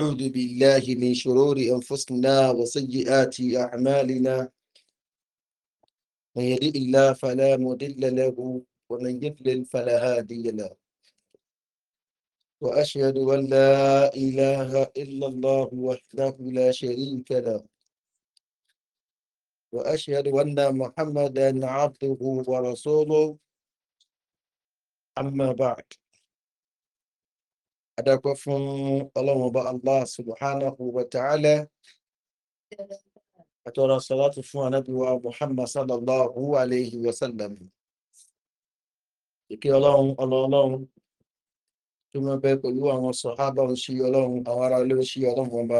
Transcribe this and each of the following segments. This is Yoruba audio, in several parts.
أعوذ بالله من شرور أنفسنا وسيئات أعمالنا من يهدئ الله فلا مضل له ومن يضلل فلا هادي له وأشهد أن لا إله إلا الله وحده لا شريك له وأشهد أن محمدا عبده ورسوله أما بعد adápẹ́ fún ọlọ́run ọba allah subhanahu wa ta'ala àtọ́ra salatu fún anábíwa muhammad sallallahu alayhi wa sallam ìkí ọlọ́run ọlọ́run tó mọ́ bẹ́ pẹ̀lú àwọn sọ̀hábà ń ṣí ọlọ́run àwọn ará ilé ń ṣí ọlọ́run ọba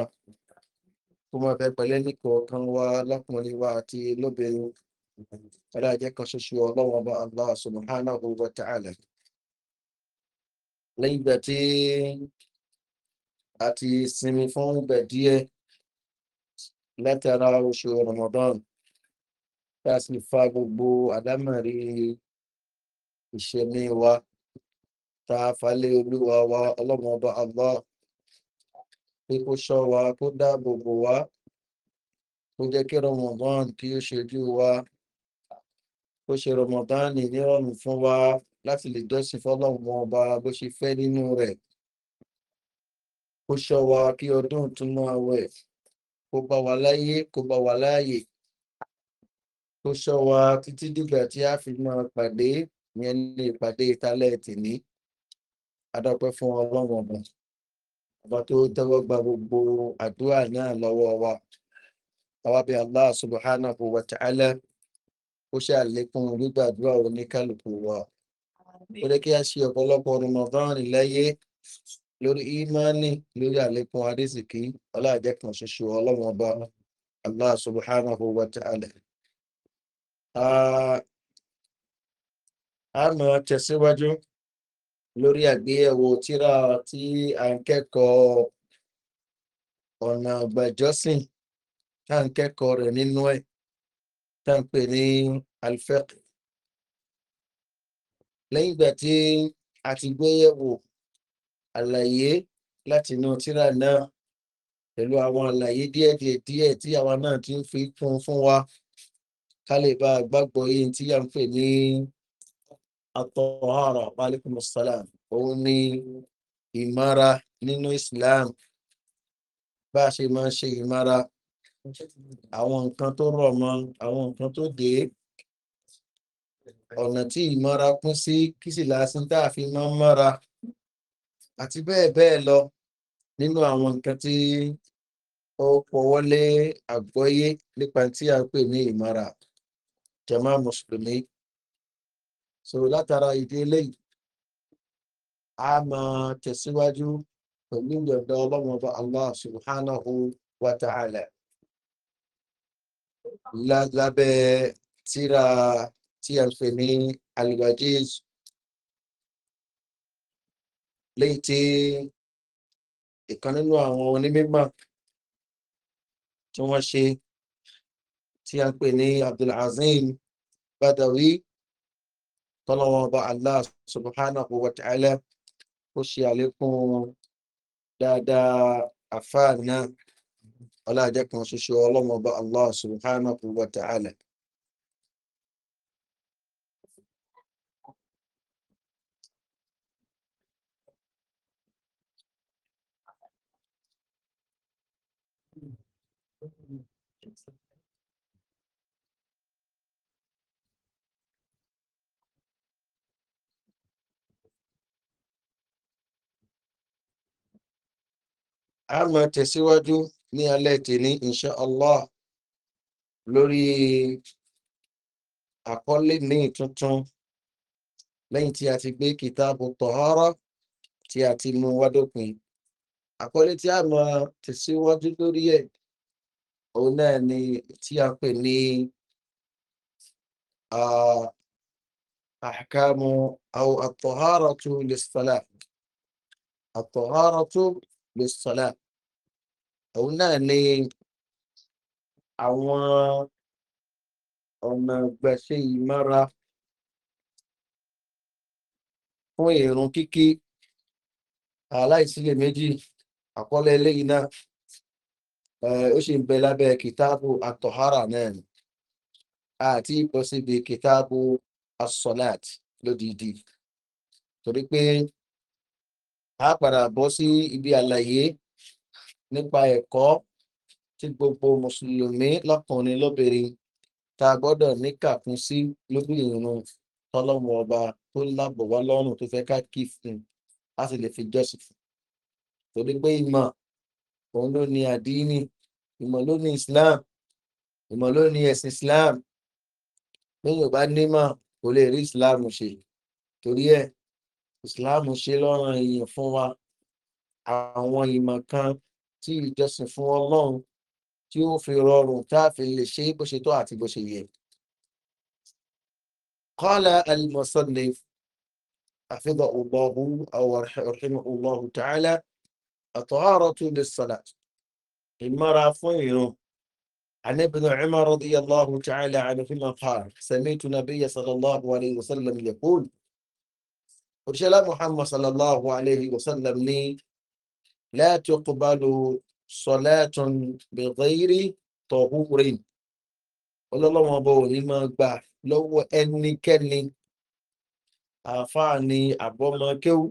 tó mọ́ bẹ́ pẹ̀lẹ́ nìkọ̀ọ̀kan wa lákùnrin lẹ́yìn ìgbà tí a ti sinmi fún ìgbà díẹ̀ látara oṣù ramadan tá a sì fa gbogbo àdámọ̀rí ìṣẹ̀mí wa tá a falẹ̀ olúwa wa ọlọ́mọba allah pé kó ṣọ́ wa kó dáàbò bò wá kó jẹ́ kí ramadan kí ó ṣojú wa kó ṣe ramadan ní ìrọ̀rùn fún wa láti lè jọ́sìn fọ́lọ́run ọba bó ṣe fẹ́ nínú rẹ̀ kó ṣọ́ wa kí ọdún túnú àwẹ̀ kó bá wa láyé kó bá wa láàyè kó ṣọ́ wa títí dìgbà tí a fi máa pàdé yẹn ní ìpàdé tálẹ́ẹ̀tì ní adọ́pẹ́ fún ọlọ́run ọba ọba tó tẹ́wọ́ gba gbogbo àdúrà náà lọ́wọ́ wa àwa bí allah subhanahu wa ta'ala ó ṣe àlékún gbígbàdúrà oníkálukú wa ó jẹ́ kí a ṣe ọ̀pọ̀lọpọ̀ ramadan láyé lórí imani lórí àlékún adésìkí ọláàjẹ́ kan ṣoṣo ọlọ́wọ́n ọba allah subhanahu wa ta'ala. a mọ̀ tẹ̀síwájú lórí àgbéyẹ̀wò tíra tí a ń kẹ́kọ̀ọ́ ọ̀nà ọ̀gbàjọ́sìn tá à ń kẹ́kọ̀ọ́ rẹ̀ nínú ẹ̀ tá ń pè ní alfẹ́kì lẹ́yìn ìgbà tí a ti gbéyẹ̀wò àlàyé láti inú tíra náà pẹ̀lú àwọn àlàyé díẹ̀díẹ̀ díẹ̀ tí àwa náà ti ń fi kún fún wa ká lè bá a gbàgbọ́ yìí tí à ń pè ní àtọ̀hárọ̀ malikum salam òun ni ìmára nínú islam bá a ṣe máa ń ṣe ìmára àwọn nǹkan tó rọ̀ mọ́ àwọn nǹkan tó dé ọ̀nà tí ìmọ́ra pín sí kí sì lásán tá a fi máa ń mọ́ra àti bẹ́ẹ̀ bẹ́ẹ̀ lọ nínú àwọn nǹkan tí ó pọ̀wọ́lé àgbọ́yé nípa tí a pè ní ìmọ́ra jama mùsùlùmí so látara ìdí eléyìí a máa tẹ̀síwájú pẹ̀lú ìyọ̀dọ̀ ọlọ́mọba allah subhanahu wa ta'ala La lábẹ́ tíra tí a pè ní alibajiz léyìí tí ìkan nínú àwọn onímọ̀ tí wọ́n ṣe tí a pè ní abdulazim badawi tọ́lọ́wọ́n ọba allah subhanahu wa ta'ala ó ṣe àlékún dáadáa àfáà náà ọlá kan ṣoṣo ọlọ́wọ́n ọba allah subhanahu wa ta'ala. a máa tẹ̀síwájú ní alẹ́ tèní insha allah lórí àkọlé ní tuntun lẹ́yìn tí a ti gbé kìtàbù tọ̀hárọ̀ tí a ti mú wádópin àkọlé tí a máa tẹ̀síwájú lórí ẹ̀ òun náà ni tí a pè ní أحكام أو الطهارة للصلاة الطهارة للصلاة òun náà ni àwọn ọ̀nà gbẹ̀ṣẹ̀ ìmọ́ra fún ìrùn kíkí aláìsílẹ̀ méjì àkọọ́lẹ̀ eléyìí náà eh, ó ṣe ń bẹ lábẹ́ kìtáàbù àtọ̀hárà náà ni àti ìpọ̀ síbi kìtáàbù asọ́láàt lódìdí torí pé a padà bọ́ sí ibi àlàyé nípa ẹ̀kọ́ tí gbogbo mùsùlùmí lọ́kùnrin lóbìnrin tá a gbọ́dọ̀ níkàkún sí lórí ìrun tọ́lọ́mù ọba tó lábọ̀ wá lọ́rùn tó fẹ́ ká kí fún a sì lè fi jọ́sìn fún torí pé ìmọ̀ òun ló ní àdínì ìmọ̀ ló ní islam ìmọ̀ ló ní ẹ̀sìn islam lóyún ọba nímọ̀ kò lè rí islam ṣe torí ẹ̀ islam ṣe lọ́rùn èèyàn fún wa àwọn ìmọ̀ kan tí ìjọsìn fún ọlọ́run tí ó fi rọrùn tá a fi lè ṣe bó ṣe tó àti bó ṣe yẹ. Kọ́lá Alimọ̀sọ́lẹ̀ àfihàn ọlọ́hu àwọn ọlọ́hu tààlà àtọ́hárọ̀ tó lè sọ̀lá. Ìmọ̀ra fún ìrún. عن ابن عمر رضي الله تعالى عنه عنهما قال سمعت النبي صلى الله عليه وسلم يقول ورسول محمد صلى الله عليه وسلم لي لا تقبل صلاة بغير طهور ọlọ́lọ́wọ́ ọba ò ní máa gbà lọ́wọ́ ẹnikẹ́ni àáfàá ni àbọ́mọkéwù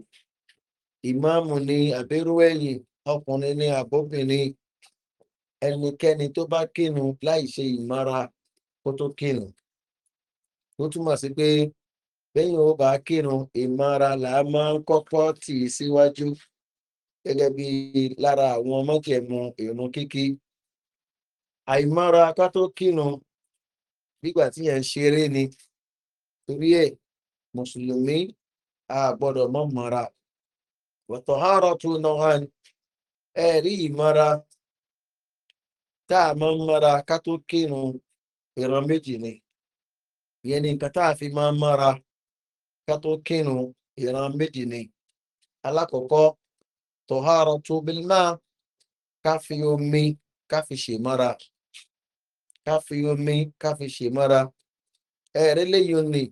ìmáàmù ni àbẹ́rú ẹ̀yìn ọkùnrin ni àbọ́bìnrin ẹnikẹ́ni tó bá kínu láì ṣe ìmọ́ra kó tó kínu ó túmọ̀ sí pé bẹ́yìn ó bá kínu ìmọ́ra làá máa ń kọ́kọ́ tì í síwájú. Si gẹ́gẹ́ bí lára àwọn mọ́jẹ̀mú ìrún kíkí àìmọ́ra ká tó kínu nígbà tí yẹn ń ṣeré ni torí ẹ̀ mùsùlùmí a gbọ́dọ̀ mọ́ mọ́ra wọ̀tọ̀ àárọ̀ tó náà ẹ̀rí ìmọ́ra tá a máa ń mọ́ra ká tó kírun ìran méjì ni ìyẹn ni nǹkan tá a fi máa ń ká tó kírun ìran méjì ni alákọ̀ọ́kọ́ طهارة بالماء bílmá يومي fi omi ká يومي ṣe mọ́ra ká fi omi ká fi ṣe mọ́ra ẹ̀rẹ́ lẹ́yìn ni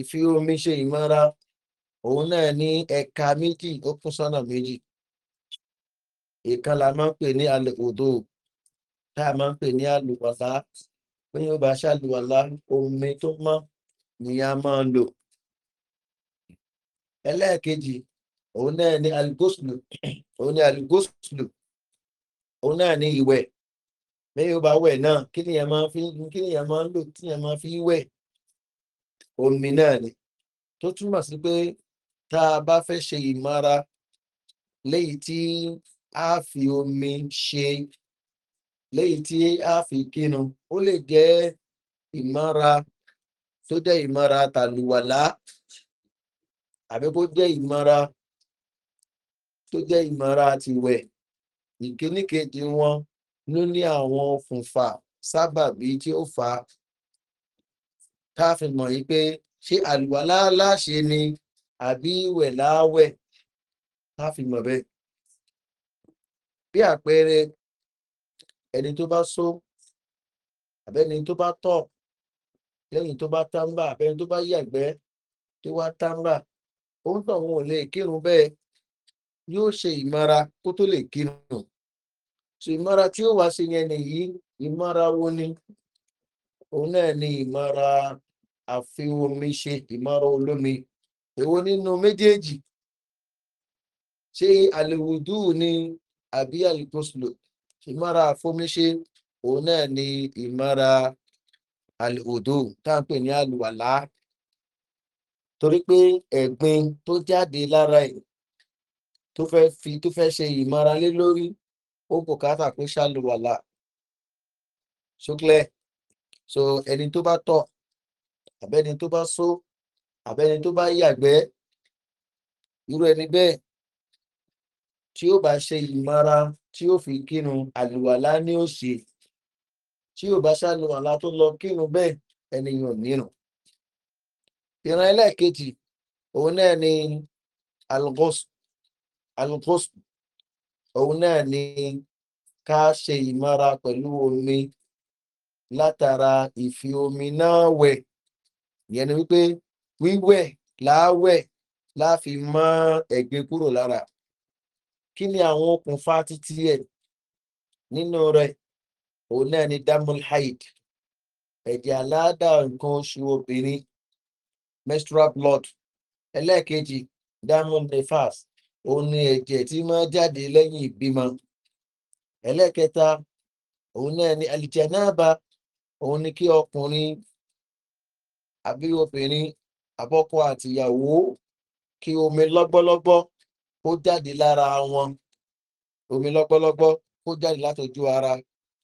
ìfi omi ṣe ìmọ́ra òun náà ní ẹ̀ka méjì ó kún sọ́nà méjì ìkan la máa ń pè ní alẹ́ òdo tá a máa ń pè ní alùwàlá pé yóò bá ṣàlùwàlá omi tó mọ́ ni a máa lò ẹlẹ́ẹ̀kejì òun náà ni aligoslu òun ni aligoslu òun náà ni ìwẹ̀ bẹ́ẹ̀ yóò bá wẹ̀ náà kí nìyẹn máa fi kí lò kí máa fi omi náà ni tó túmọ̀ sí pé tá a bá fẹ́ ṣe léyìí tí a fi omi ṣe léyìí tí a fi kínu ó lè jẹ́ ìmọ̀ra tó jẹ́ ìmọ̀ra tàlùwàlá àbí kó jẹ́ tó jẹ́ ìmọ̀ra àti wẹ̀ ìkíníkejì wọn ló ní àwọn òfùnfà sábàbí tí ó fà á tá a fi mọ̀ yí pé ṣé àlùwàlá láṣe ni àbí ìwẹ̀ láwẹ̀ tá a fi mọ̀ bẹ́ẹ̀. bí àpẹẹrẹ ẹni tó bá só àbẹ́ni tó bá tọ̀ lẹ́yìn tó bá tábà àbẹ́ni tó bá yàgbẹ́ tó wá tábà ó ń tọ̀ wọn ò lè kírun bẹ́ẹ̀ yóò ṣe ìmọ̀ra kó tó lè kírun so ìmọ̀ra tí ó wá sí yẹn nìyí ìmọ̀ra wo ni òun náà ni ìmọ̀ra àfi omi ṣe ìmọ̀ra olómi èwo nínú méjèèjì ṣé àlèwùdú ni àbí àlùkòsùlò ìmọ̀ra àfomiṣe òun náà ni ìmọ̀ra àlèwùdú táǹpẹ̀ ní àlùwàlá torí pé ẹ̀gbin tó jáde lára ẹ̀ tó fẹ́ fi tó fẹ́ ṣe ìmọ̀ra lé lórí ó bùkátà pé ṣàlùwàlà ṣókílẹ̀ so ẹni tó bá tọ̀ àbẹ́ni tó bá só àbẹ́ni tó bá yàgbẹ́ irú ẹni bẹ́ẹ̀ tí ó bá ṣe ìmọ̀ra tí ó fi kírun àlùwàlá ní òṣè tí ó bá ṣàlùwàlá tó lọ kírun bẹ́ẹ̀ ẹnìyàn nírun ìran ẹlẹ́ẹ̀kejì òun náà ni algosu alukóso òun náà ni ká ṣe ìmọ́ra pẹ̀lú omi látara ìfi omi náà wẹ̀ ìyẹn ni wípé wíwẹ̀ láwẹ̀ láfi mọ́ ẹ̀gbin kúrò lára kí ni àwọn okùnfà títí ẹ̀ nínú rẹ̀ òun náà ni damul ẹ̀jẹ̀ aláàdá nǹkan oṣù obìnrin menstrual blood ẹlẹ́ẹ̀kejì damul nefas ó ní ẹ̀jẹ̀ tí máa jáde lẹ́yìn ìbímọ ẹlẹ́kẹta òun náà ni alìjẹ̀nàbà òun ni kí ọkùnrin àbí obìnrin àbọ́kọ àtìyàwó kí omi lọ́gbọ́lọ́gbọ́ kó jáde lára wọn omi lọ́gbọ́lọ́gbọ́ kó jáde látọjú ara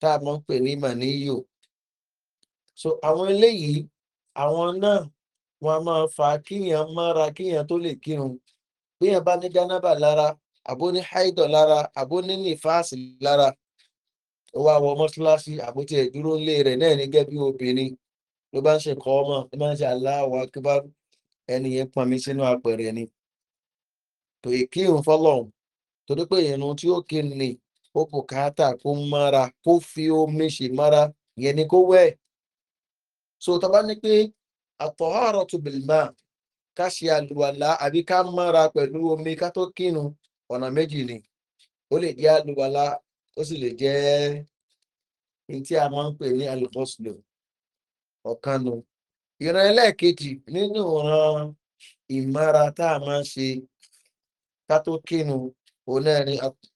tá a mọ̀ ń pè ní màníyò so àwọn eléyìí àwọn náà wọn a máa fa kíyàn mára kíyàn tó lè kírun bíyàn bá ní jánábà lára àbó ní haidọ̀ lára àbó ní nífàásì lára ó wá wọ mọ́ṣáláṣí àbótí ẹ̀ dúró ńlé rẹ̀ náà ní gẹ́gẹ́ bí obìnrin ló bá ń ṣe kọ́ ọmọ ló bá ń ṣe aláwọ̀ akíbárú ẹni yẹn pọnmi sínú apẹ̀rẹ̀ ni tó ìkírun fọlọ́hún torí pé ìrun tí ó kí ni ó bùkátà kó mára kó fi omi ṣe mára yẹn ni kó wẹ̀ so tọ́ba ní pé àtọ̀hárọ̀ tó bìlì máa ká ṣe àlùwàlá àbí ká mọ́ra pẹ̀lú omi ká tó kínu ọ̀nà méjì ni ó lè jẹ́ àlùwàlá ó sì lè jẹ́ ní tí a máa ń pè ní alùpùpù ọ̀kan ìran ẹlẹ́ẹ̀kejì nínú ìran ìmọ̀ra tá a máa ń ṣe ká tó kínu òun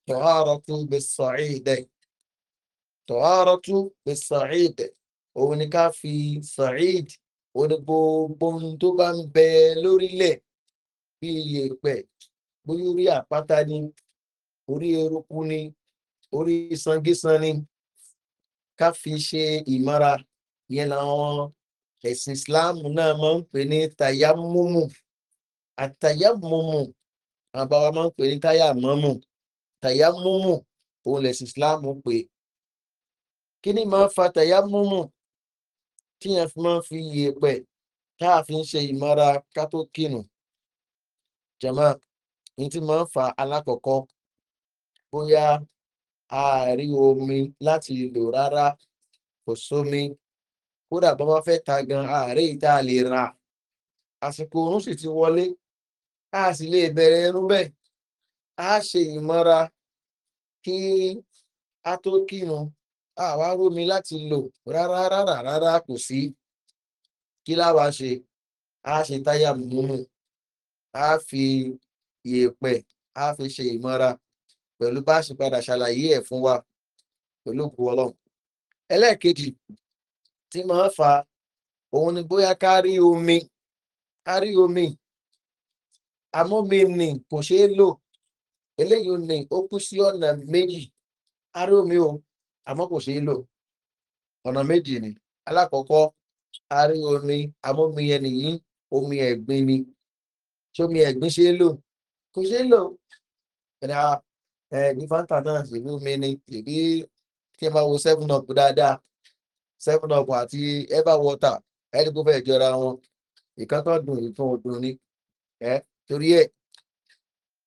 tọ́hárọ́tú bẹ́sàáìdẹ̀ tọ́hárọ́tú bẹ́sàáìdẹ̀ òun ni ká fi sàáìdì ó ní gbogbo ohun tó bá ń bẹ lórílẹ̀ bí iye pẹ̀ bóyá orí àpáta ni orí eruku ni orí sangisan ni ká fi ṣe ìmọ́ra yẹn làwọn ẹ̀sìn islam náà máa ń pè ní tayamumu àtayamumu àbáwá máa ń pè ní tayamumu tayamumu òun lẹ̀sìn islam pè kí ni máa fa tayamumu tíyẹn fi máa ń fi yèèpẹ̀ tá a fi ń ṣe ìmọ̀ra ká tó kírun jama ní ti máa ń fa alákọ̀ọ́kọ́ bóyá ààrí omi láti lò rárá kò sómi kódà bọ́ bá fẹ́ ta gan ààrẹ ìta lè ra àsìkò oorun sì ti wọlé a sì lè bẹ̀rẹ̀ ẹnu bẹ́ẹ̀ a ṣe ìmọ̀ra kí a tó kírun àwa ń rómi láti lò rárá rárá rárá kò sí kí láwa ṣe a ṣe táyà múmú a fi yèèpẹ̀ a fi ṣe ìmọ́ra pẹ̀lú bá ṣe padà ṣàlàyé ẹ̀ fún wa pẹ̀lú òkú ọlọ́run ẹlẹ́ẹ̀kejì tí máa fa òun ni bóyá ká rí omi ká rí omi amómi ni kò ṣeé lò eléyìí ni ó kú sí ọ̀nà méjì a rí omi o àmọ́ kò ṣeé lò ọ̀nà méjì ni alákọ̀ọ́kọ́ arí omi amómi ẹnìyí omi ẹ̀gbin ni sómi ẹ̀gbin ṣeé lò kò ṣeé lò ẹ̀dá ẹ̀ẹ́dì fanta náà ṣèlú mi ni ìbí kí ẹ máa wo seven up dáadáa seven up àti ever water ẹni kó fẹ́ jọra wọn ìkan tó dùn ìfún odun ni ẹ torí ẹ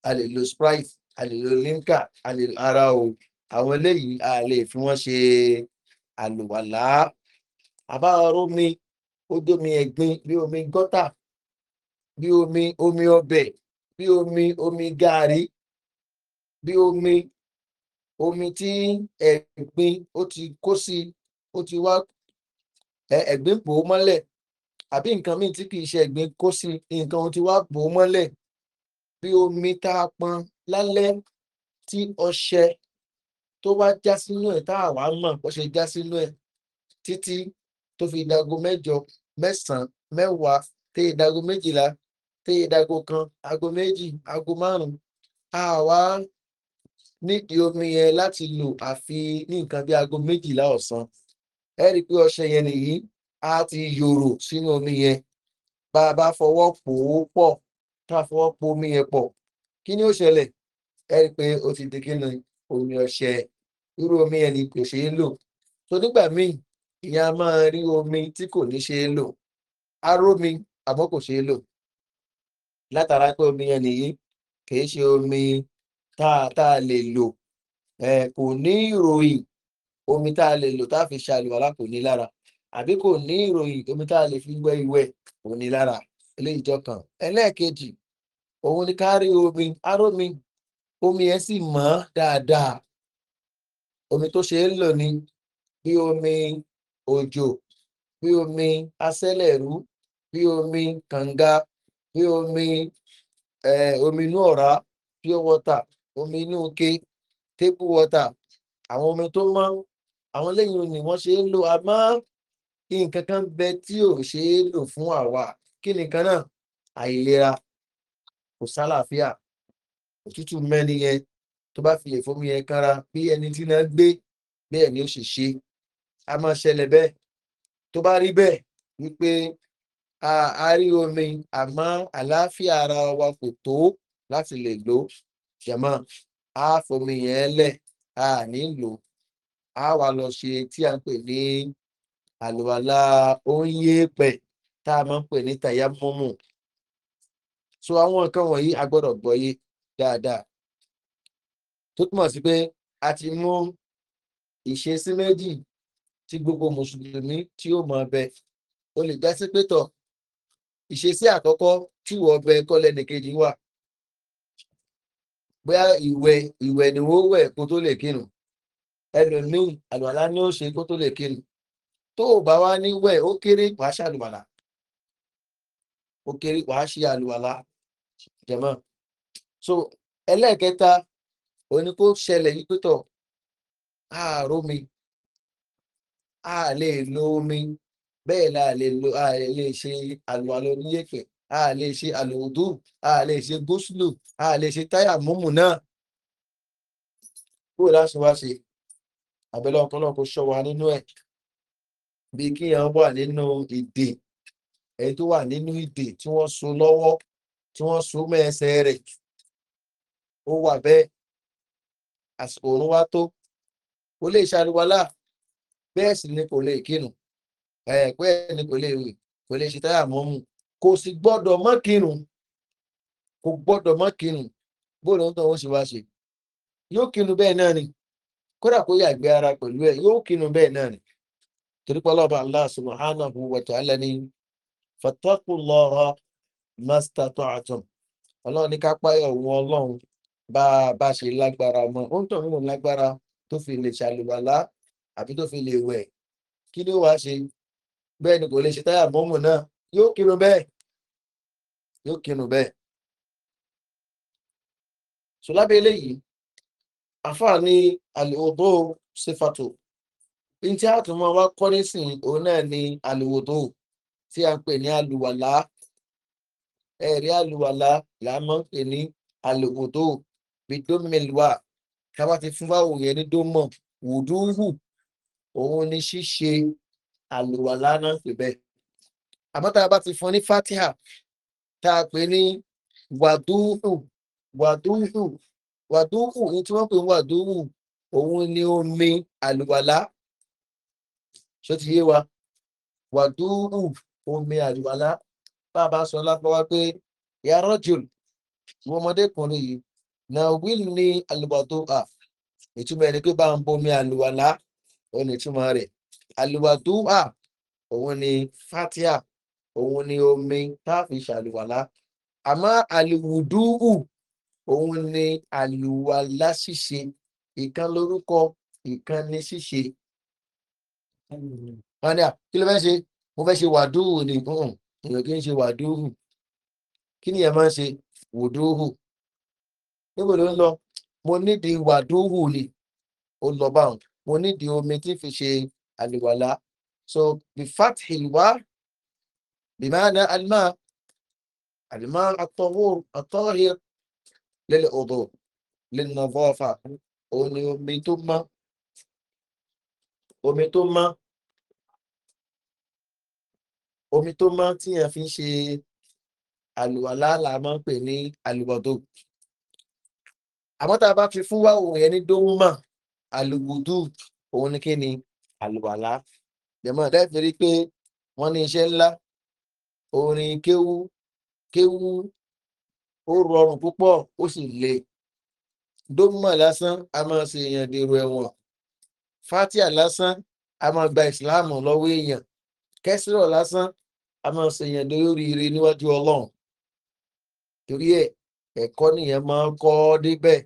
a lè lo sprite a lè lo limca a lè lo ara o àwọn eléyìí a lè fi wọ́n ṣe àlùwàlá àbáwọ̀rọ̀ omi ojómi ẹ̀gbin bí omi gọ́tà bí omi omi ọbẹ̀ bí omi omi gaari bí omi omi tí ẹ̀gbin ó ti kó sí ó ti wá ẹ̀gbin pò ó mọ́lẹ̀ àbí nǹkan míì tí kìí ṣe ẹ̀gbin kó sí nǹkan ó ti wá pò ó mọ́lẹ̀ bí omi tá a pọn lálẹ́ tí ọṣẹ tó wá já sínú ẹ̀ tá àwa mọ̀ bó ṣe já sínú ẹ̀ títí tó fi dago mẹ́jọ mẹ́sàn-án mẹ́wàá tẹ́ méjìlá tẹ́ ìdago kan ago méjì ago márùn-ún àwa nídìí omi yẹn láti lò àfi ní nǹkan bí aago méjìlá ọ̀sán ẹ rí i pé ọṣẹ yẹn nìyí a ti yòrò sínú omi yẹn bá a bá fọwọ́ pò ó pọ̀ tá a fọwọ́ po omi yẹn pọ̀ kí ni ó ṣẹlẹ̀ ẹ rí i pé ó ti di kí òun ni ọṣẹ irú omi ẹni kò ṣeé lò tó nígbà míì ìyẹn a máa rí omi tí kò ní ṣeé lò arómi àmọ́ kò ṣeé lò látara pé omi yẹn nìyí kìí ṣe omi tá a lè lò kò ní ìròyìn omi tá a lè lò tá a fi ṣàlùwàlá kò ní lára àbí kò ní ìròyìn omi tá a lè fi wẹ ìwẹ kò ní lára eléyìí jọ kan ẹlẹ́ẹ̀kejì òun ni ká rí omi arómi omi ẹ sì mọ́ dáadáa omi tó ṣe é lò ní bí omi òjò bí omi asẹ́lẹ̀rú bí omi kànga bí omi omi inú ọ̀rá pure water omi inú ke table water àwọn omi tó mọ́ àwọn lẹ́yìn ni wọ́n ṣe é lò àmọ́ nǹkan kan bẹ tí ò ṣe é lò fún àwa kí nìkan náà àìlera kò sálàáfíà òtútù mẹ́ni yẹn tó bá fi ìfọ́mù yẹn kára bí ẹni tí náà gbé bẹ́ẹ̀ ni ó sì ṣe a máa ṣẹlẹ̀ bẹ́ẹ̀ tó bá rí bẹ́ẹ̀ wípé a rí omi àmọ́ àlàáfíà ara wa kò tó láti lè lò jẹ̀mọ́ a fomi yẹn lẹ̀ a ní lò a wà lọ ṣe tí a ń pè ní àlùwàlà oúnjẹ pẹ̀ tá a máa ń pè ní tàyámọ́mù so àwọn nǹkan wọ̀nyí a gbọ́dọ̀ gbọ́yé dáadáa tó túmọ̀ sí pé a ti mú ìṣesí méjì tí gbogbo mùsùlùmí tí ó mọ̀ ọbẹ̀ o lè jásí pé tọ̀ ìṣesí àkọ́kọ́ tí wọ́n ọbẹ̀ kọ́lẹ̀ nìkejì wà bóyá ìwẹ̀ ìwẹ̀ ni wọ́n wẹ̀ kó tó lè kírun ẹlòmíì àlùwàlá ni ó ṣe kó tó lè kírun tó o bá wá ní wẹ̀ ó kéré wàá ṣàlùwàlá ó kéré wàá ṣe àlùwàlá jẹ̀mọ́ so ẹlẹ́ẹ̀kẹta òní kó ṣẹlẹ̀ yìí pé tọ̀ ààrò mi a lè lo omi bẹ́ẹ̀ la lè lo a lè ṣe àlùwàlò oníyẹ̀kẹ̀ a lè ṣe àlòdù a lè ṣe gúúsùlù a lè ṣe táyà múmù náà kúrò láti wá sí àbẹ̀lẹ̀ ọ̀pọ̀lọpọ̀ kò ṣọ́ wa nínú ẹ̀ bí kí èèyàn wà nínú ìdè ẹni tó wà nínú ìdè tí wọ́n so lọ́wọ́ tí wọ́n so mẹ́ẹ̀ẹ́sẹ̀ rẹ̀ jù ó wà bẹ́ẹ̀ àsìkò òun wá tó kò lè ṣàríwálà bẹ́ẹ̀ sì ni kò lè kírun ẹ̀ẹ́pẹ́ ni kò lè wì kò lè ṣe táyà mọ́ mu kò sì gbọ́dọ̀ mọ́ kírun kò gbọ́dọ̀ mọ́ kírun bóòlù ń tọ́ ó sì wá ṣe yóò kírun bẹ́ẹ̀ náà ni kódà kó yàgbé ara pẹ̀lú ẹ̀ yóò kírun bẹ́ẹ̀ náà ni torípọ́lọ́ba allah subhanahu wa ta'ala ni fatakulọ́ra mastatọ̀ àtọ̀ ọlọ́run ní ká páyọ̀ òun ọlọ́run bá a bá ṣe lágbára mọ ó ń tọ̀rọ̀ wọn lágbára tó fi lè ṣàlùwàlá àbí tó fi lè wẹ̀ kí ni ó wàá ṣe bẹ́ẹ̀ ni kò lè ṣe táyà mọ́mù náà yóò kírun bẹ́ẹ̀ yóò kírun bẹ́ẹ̀. sùlábẹ́ eléyìí àfáà ní àlèwòdó sífàtò ní tí a tún máa òun náà ní àlèwòdó tí a ń pè ní àlùwàlá ẹ̀rí àlùwàlá là máa ń pè ní àlèwòdó bidomilwa kábà ti fún báwo yẹn ní dómọ wùdúhù òun ni ṣíṣe àlùwàlá náà pè bẹ́ẹ̀ àmọ́ tá a bá ti fún ní fatiha tá a pè ní wàdúhù wàdúhù wàdúhù ní tí wọ́n pè ní wàdúhù òun ni omi àlùwàlá ṣó ti yé wa wàdúhù omi àlùwàlá bá a bá sọ lápá wá pé yàrá jùl ìwọ yìí na wíl ní alùbàtò à ìtumọ̀ ẹni pé bá ń bomi àlùwàlá òun ni ìtumọ̀ rẹ̀ àlùbàtò ah, òun ni fatia òun ni omi tá a fi ṣàlùwàlá àmọ́ àlùwùdúù òun ni àlùwàlá ṣíṣe ìkan lórúkọ ìkan ni ṣíṣe wọ́n ní à kí ló fẹ́ ṣe mo fẹ́ ṣe wàdúù ni èèyàn kì í ṣe wàdúù kí ni ẹ̀ máa ń ṣe wòdúù níbo ló ń lọ mo nídìí wàdúhù ni ó lọ báwọn mo nídìí omi tí fi ṣe àlìwàlá so the fat hilwa bimana alma alma atọwọr atọhìr lẹlẹ ọdọ lẹnu bọfà òun ni omi tó mọ omi tó mọ omi tó mọ tí yẹn fi ń ṣe àlùwàlá la máa ń pè ní àlùwàdó àmọ́ tá a bá fi fún wá òun yẹn ní dóńmà àlùwùdù òun ní kí ni àlùwàlá jẹ̀mọ́ dáìfẹ́ rí pé wọ́n ní iṣẹ́ ńlá orin kéwú kéwú ó rọrùn púpọ̀ ó sì le dóńmà lásán a máa ṣe èèyàn dèrò ẹ̀wọ̀n fatia lásán a máa gba ìsìláàmù lọ́wọ́ èèyàn kẹsìrọ̀ lásán a máa ṣe èèyàn lórí ire níwájú ọlọ́run torí ẹ̀ ẹ̀kọ́ nìyẹn máa ń kọ́ débẹ̀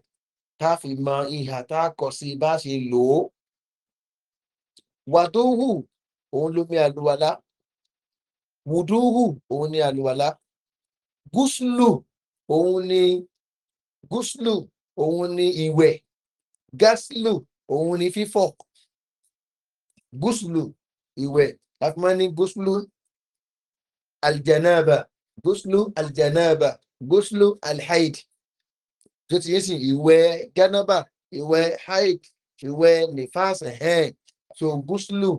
tá fi mọ ìhà tá kọ sí bá ṣe lò ó wà tó hù òun lómi àlùwàlá wùdúhù òun ni àlùwàlá gúúsùlù òun ni gúúsùlù òun ni ìwẹ̀ gásìlù òun ni fífọ̀ gúúsùlù ìwẹ̀ láti ní gúúsùlù aljanaba gúúsùlù aljanaba gúúsùlù alhaid tó ti yé sí ìwẹ́ gánábà ìwẹ́ haik ìwẹ́ nifas ẹ̀hẹ́n so gúúsùlù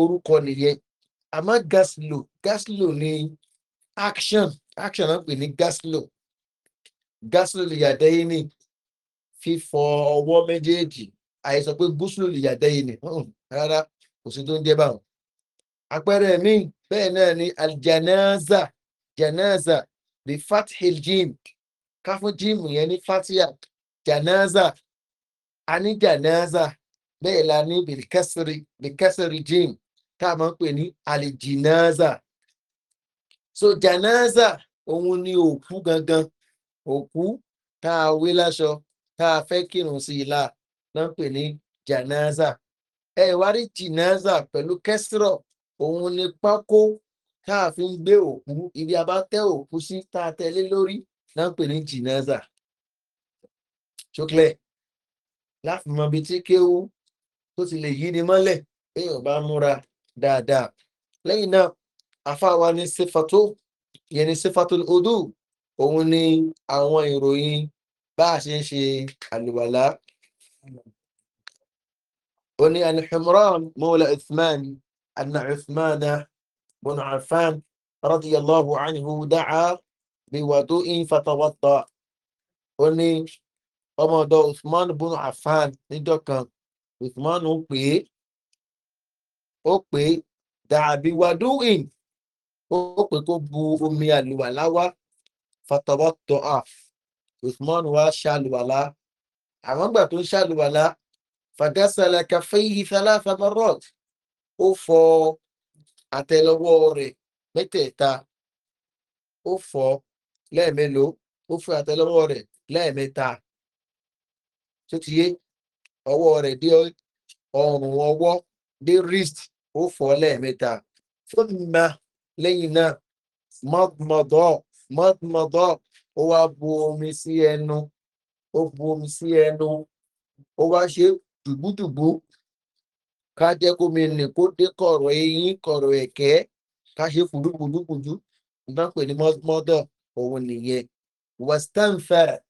orúkọ nìyẹn àmọ́ gaslo gaslo ni action action náà pè ní gaslo gaslo lè yàdẹ́ yìí ni fífọ ọwọ́ méjèèjì àìsàn pé gúúsùlù lè yàdẹ́ yìí ni hmm, rárá kò sí tó ń jẹ́ báwọn àpẹẹrẹ mi bẹ́ẹ̀ náà ni aljanaza janaza the fat hill gym ká fún jíìmù yẹn ní fatia janaza ani janaza bẹ́ẹ̀ la ní bìkẹ́sìrì jíìmù tá a máa ń pè ní alijinaza so janaza òun ni òkú gangan òkú tá a wé láṣọ tá a fẹ́ kírun sí i la náà ń pè ní janaza ẹ wá rí jinaza pẹ̀lú kẹsìrọ̀ òun ni pákó tá a fi ń gbé òkú ibi abá tẹ òkú sí tá a tẹlé lórí náà pè ní jìnàza ṣókílẹ̀ láti mọ ibi tí kéwú tó ti lè yí ni mọ́lẹ̀ èèyàn bá múra dáadáa lẹ́yìn náà afáwa ní sífàtó yẹn ní sífàtó odò òun ni àwọn ìròyìn bá a ṣe ń ṣe àlùwàlá ó ní alhimran mọ́lá uthman anna uthman bọ́nà afán rọ́díyàlọ́hu anhu dáa bíwàdó in fatawata ó ní ọmọdọ usman bunu afan níjọ kan usman ń pè é ó pè é dàbí wàdó in ó pè kó bu omi àlùwàlá wá fatawata af usman wá ṣàlùwàlá àwọn gbà tó ń ṣàlùwàlá fàgásàlẹ kàfẹ́yì sálàfà marot ó fọ àtẹlẹwọ rẹ mẹtẹẹta ó fọ lẹ́ẹ̀mélòó ó fún àtẹlẹwọ́ rẹ̀ lẹ́ẹ̀mẹta tó ti yé ọwọ́ rẹ̀ dé ọrùn ọwọ́ dé rist ó fọ́ na tó mi lẹ́yìn náà mọ́tmọ́dọ́ mọ́tmọ́dọ́ ó wá bu omi sí ẹnu ó bu omi sí ẹnu ó wá ṣe dùgbùdùgbù ká jẹ́ kó mi nì kó dé kọ̀rọ̀ eyín kọ̀rọ̀ ẹ̀kẹ́ ká ṣe ìbá pè ní mọ́tmọ́dọ́. òun nìyẹn wọ́stánfẹ́rẹ̀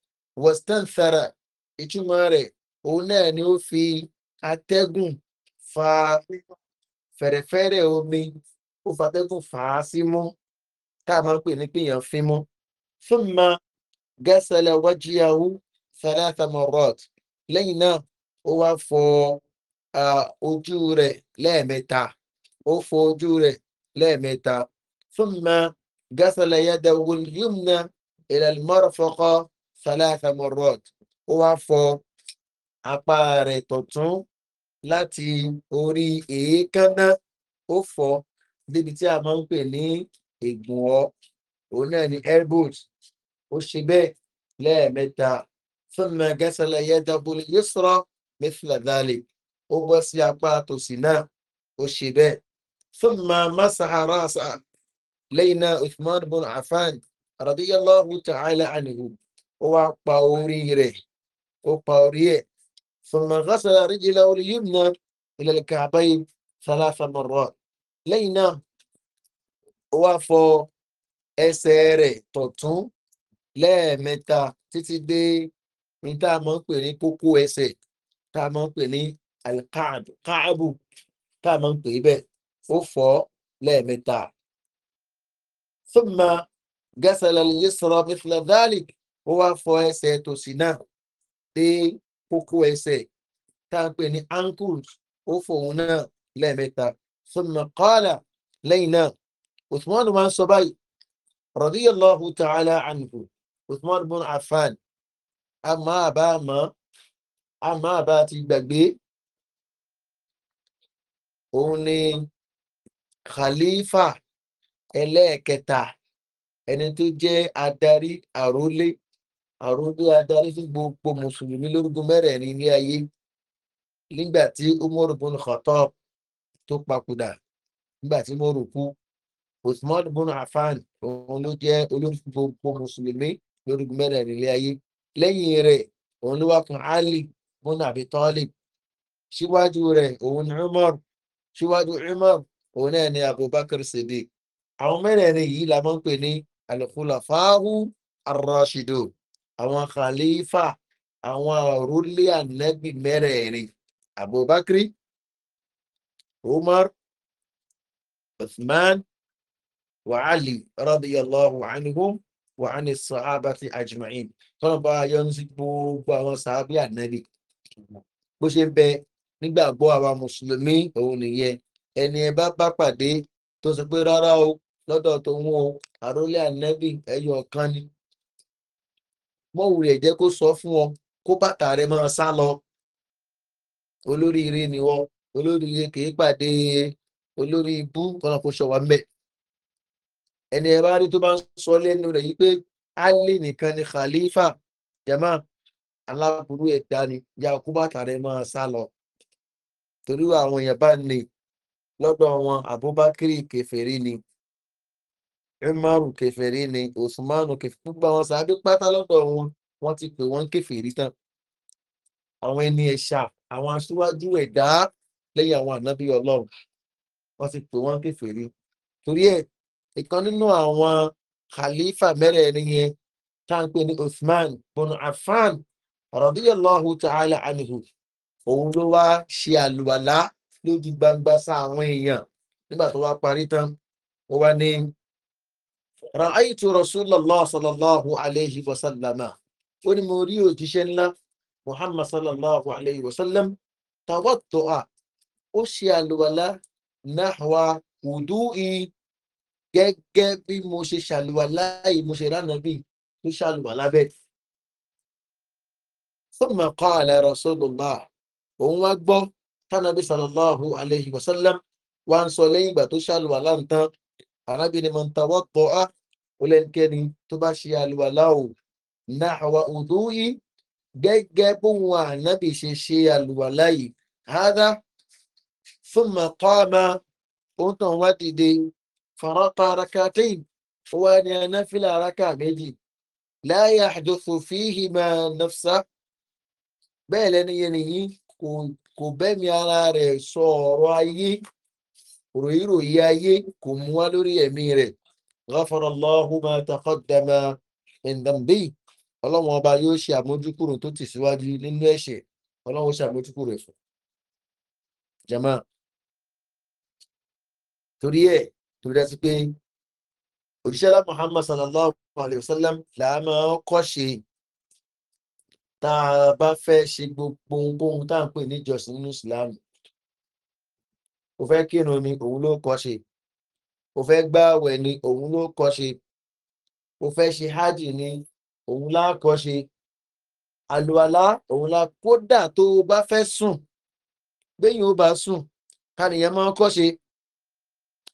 wọ́stánfẹ́rẹ̀ ìtumọ̀ rẹ̀ òun náà ni ó fi atẹ́gùn fa fẹ̀rẹ̀fẹ̀rẹ̀ omi ó fa atẹ́gùn fà á sí mú tá a máa ń pè ní pìyàn fi mú fún ma gẹ́sẹ̀lẹ̀ wájíyàwó sàdáta mọ̀rọ̀t lẹ́yìn náà ó wá fọ ojú rẹ̀ lẹ́ẹ̀mẹta ó fọ ojú rẹ̀ lẹ́ẹ̀mẹta fún ma. غسل يده اليمنى إلى المرفق ثلاث مرات وعفو apáàrẹ̀ tọ̀tún láti orí èékánná ó fọ́ débi tí a máa ń pè ní ègbùn ọ́ òun náà ni elbows ó ṣe bẹ́ẹ̀ lẹ́ẹ̀mẹ́ta fúnmi gẹ́sẹ̀lẹ̀ yẹ́dàbọ̀lì yóò sọ̀rọ̀ mẹ́fìlàdálì ó bọ́ sí apá tòsí náà ó ṣe bẹ́ẹ̀ fúnmi lẹ́yìn náà usman bin afan radiyallahu ta'ala anhu ó wá pa orí rẹ̀ ó pa orí ẹ̀ sọ̀rọ̀ gásàrà ríjìlá orí yìí na ilẹ̀ kàbáyé sálásà mọ̀rọ̀ lẹ́yìn náà ó wá fọ ẹsẹ̀ rẹ̀ tọ̀tún lẹ́ẹ̀mẹta títí dé ní tá a máa ń pè ní kókó ẹsẹ̀ tá a máa ń pè ní alkaab káàbù tá a máa ń pè bẹ́ẹ̀ ó fọ́ lẹ́ẹ̀mẹta. ثم غسل اليسرى مثل ذلك ó wá fọ ẹsẹ̀ tòsí náà dé kókó ẹsẹ̀ tá a pè ní ankles ó fòun náà lẹ́ẹ̀mẹ́ta ثم قال lẹ́yìn náà usman máa ń sọ báyìí rọ̀díyàlláhu ta'ala anhu usman bin afan a máa bá a mọ́ a máa bá a ti gbàgbé òun ni khalifa ẹlẹ́ẹ̀kẹta ẹni tó jẹ́ adarí àrólé àrólé adarí fún gbogbo mùsùlùmí lórúkọ mẹ́rẹ̀ẹ̀rin ilé ayé nígbà tí umar bin khatab tó papòdà nígbà tí mo rò kú usman bin afan òun ló jẹ́ olórí gbogbo mùsùlùmí lórúkọ mẹ́rẹ̀ẹ̀rin ilé ayé lẹ́yìn rẹ̀ òun ló wá kan ali bin abi talib síwájú rẹ̀ òun umar síwájú umar òun náà ni abubakar sadiq àwọn mẹ́rẹ̀ẹ̀rin yìí la máa ń pè ní alùkùlàfáàrù arásìdò àwọn khalifa àwọn òrùlé ànẹ́bì mẹ́rẹ̀ẹ̀rin abubakri umar uthman wa ali radiyallahu anhum wa ani sahaba ti ajma'in tọ́nà bá yọ ní gbogbo àwọn sahabi ànẹ́bì bó ṣe bẹ nígbàgbọ́ àwọn mùsùlùmí òun nìyẹn ẹni ẹ bá bá pàdé tó sọ pé rárá o lọ́dọ̀ tó ń wo àrólé ànẹ́bì ẹyọ ọ̀kan ni mọ́wù rẹ̀ jẹ́ kó sọ fún ọ kó bàtà rẹ̀ máa sá lọ olóríire ni wọ́n olóríire kìí pàdé olórí ibú kọ́nà kó ṣọwà mẹ́ ẹni ẹ bá rí tó bá ń sọ lẹ́nu rẹ̀ yí pé ali nìkan ni khalifa jama aláburú ẹ̀dá ni ya kó bàtà rẹ̀ máa sá lọ torí àwọn èèyàn bá ní lọ́dọ̀ wọn àbúbákírì kẹfẹ́rí ni. Umaru kèfèrí ni Usmanu kèfèrí gbogbo àwọn sàábí pátá lọ́dọ̀ wọn wọ́n ti pè wọ́n kèfèrí tán àwọn ẹni ẹ̀ṣà àwọn aṣíwájú ẹ̀dá lẹ́yìn àwọn ànábí ọlọ́run wọ́n ti pè wọ́n kèfèrí torí ẹ̀ ìkan nínú àwọn khalifa mẹ́rẹ̀ẹ̀rin yẹn tá à ń pè ní Usman bonu Affan ọ̀rọ̀dúyọ̀lọ́hu ta'ala anihu òun ló wá ṣe àlùwàlá lójú gbangba sáà àwọn èèyàn nígbà tó wá parí tán ó wá ní ra'aitu rasulallah sallallahu alayhi wa sallama ó ní mo rí òjíṣẹ́ ńlá muhammad sallallahu alayhi wa sallam tawattu'a ó ṣe àlùwàlá náhwa wùdúì gẹ́gẹ́ bí mo ṣe ṣàlùwàlá yìí mo ṣe ránàbí tó ṣàlùwàlá bẹ́ẹ̀. ثم قال رسول الله òun wá gbọ́ tánàbí sallallahu alayhi wa sallam wá ń sọ lẹ́yìn ìgbà tó ṣàlùwàlá ń tán arábìnrin mọ̀ tàwọ́ pọ̀ á ó lẹ́nikẹ́ni tó bá ṣe àlùwàlá o náà àwa òdó yìí gẹ́gẹ́ bóun ànábì ṣe ṣe àlùwàlá yìí hádá fún mọ̀kọ́ọ̀mà òun tàn wá dìde farapa rakatain ó wá ní anáfílà raka méjì láyé àjọsọ fíhì máa nafsa bẹ́ẹ̀ lẹ́nu yẹn nìyí kò bẹ́mi ara rẹ̀ sọ ọ̀rọ̀ ayé ròyìnròyìn ayé kò mú wá lórí ẹ̀mí rẹ̀ gáfọ́rọ̀ lọ́hùn máa takọ́ dẹ́mà ẹ̀ǹdàmbí ọlọ́wọ́n ọba yóò ṣe àmójúkúrò tó ti síwájú nínú ẹ̀ṣẹ̀ ọlọ́wọ́n ṣe àmójúkúrò ẹ̀fọ́ jama torí ẹ̀ torí dá sí pé òṣìṣẹ́ lá muhammad sallallahu alayhi wa sallam làá máa kọ́ ṣe tá a bá fẹ́ ṣe gbogbo ohun tá à ń pè níjọsìn nínú ìsìlámù o fẹ́ kírun ni òun ló kọ́ ṣe o fẹ́ gbáwẹ̀ ni òun ló kọ́ ṣe o fẹ́ ṣe hajj ni òun lákọ́ ṣe àlùalá òun la kódà tó o bá fẹ́ sùn gbẹ̀yìn ó bá sùn kánìyàn máa kọ́ ṣe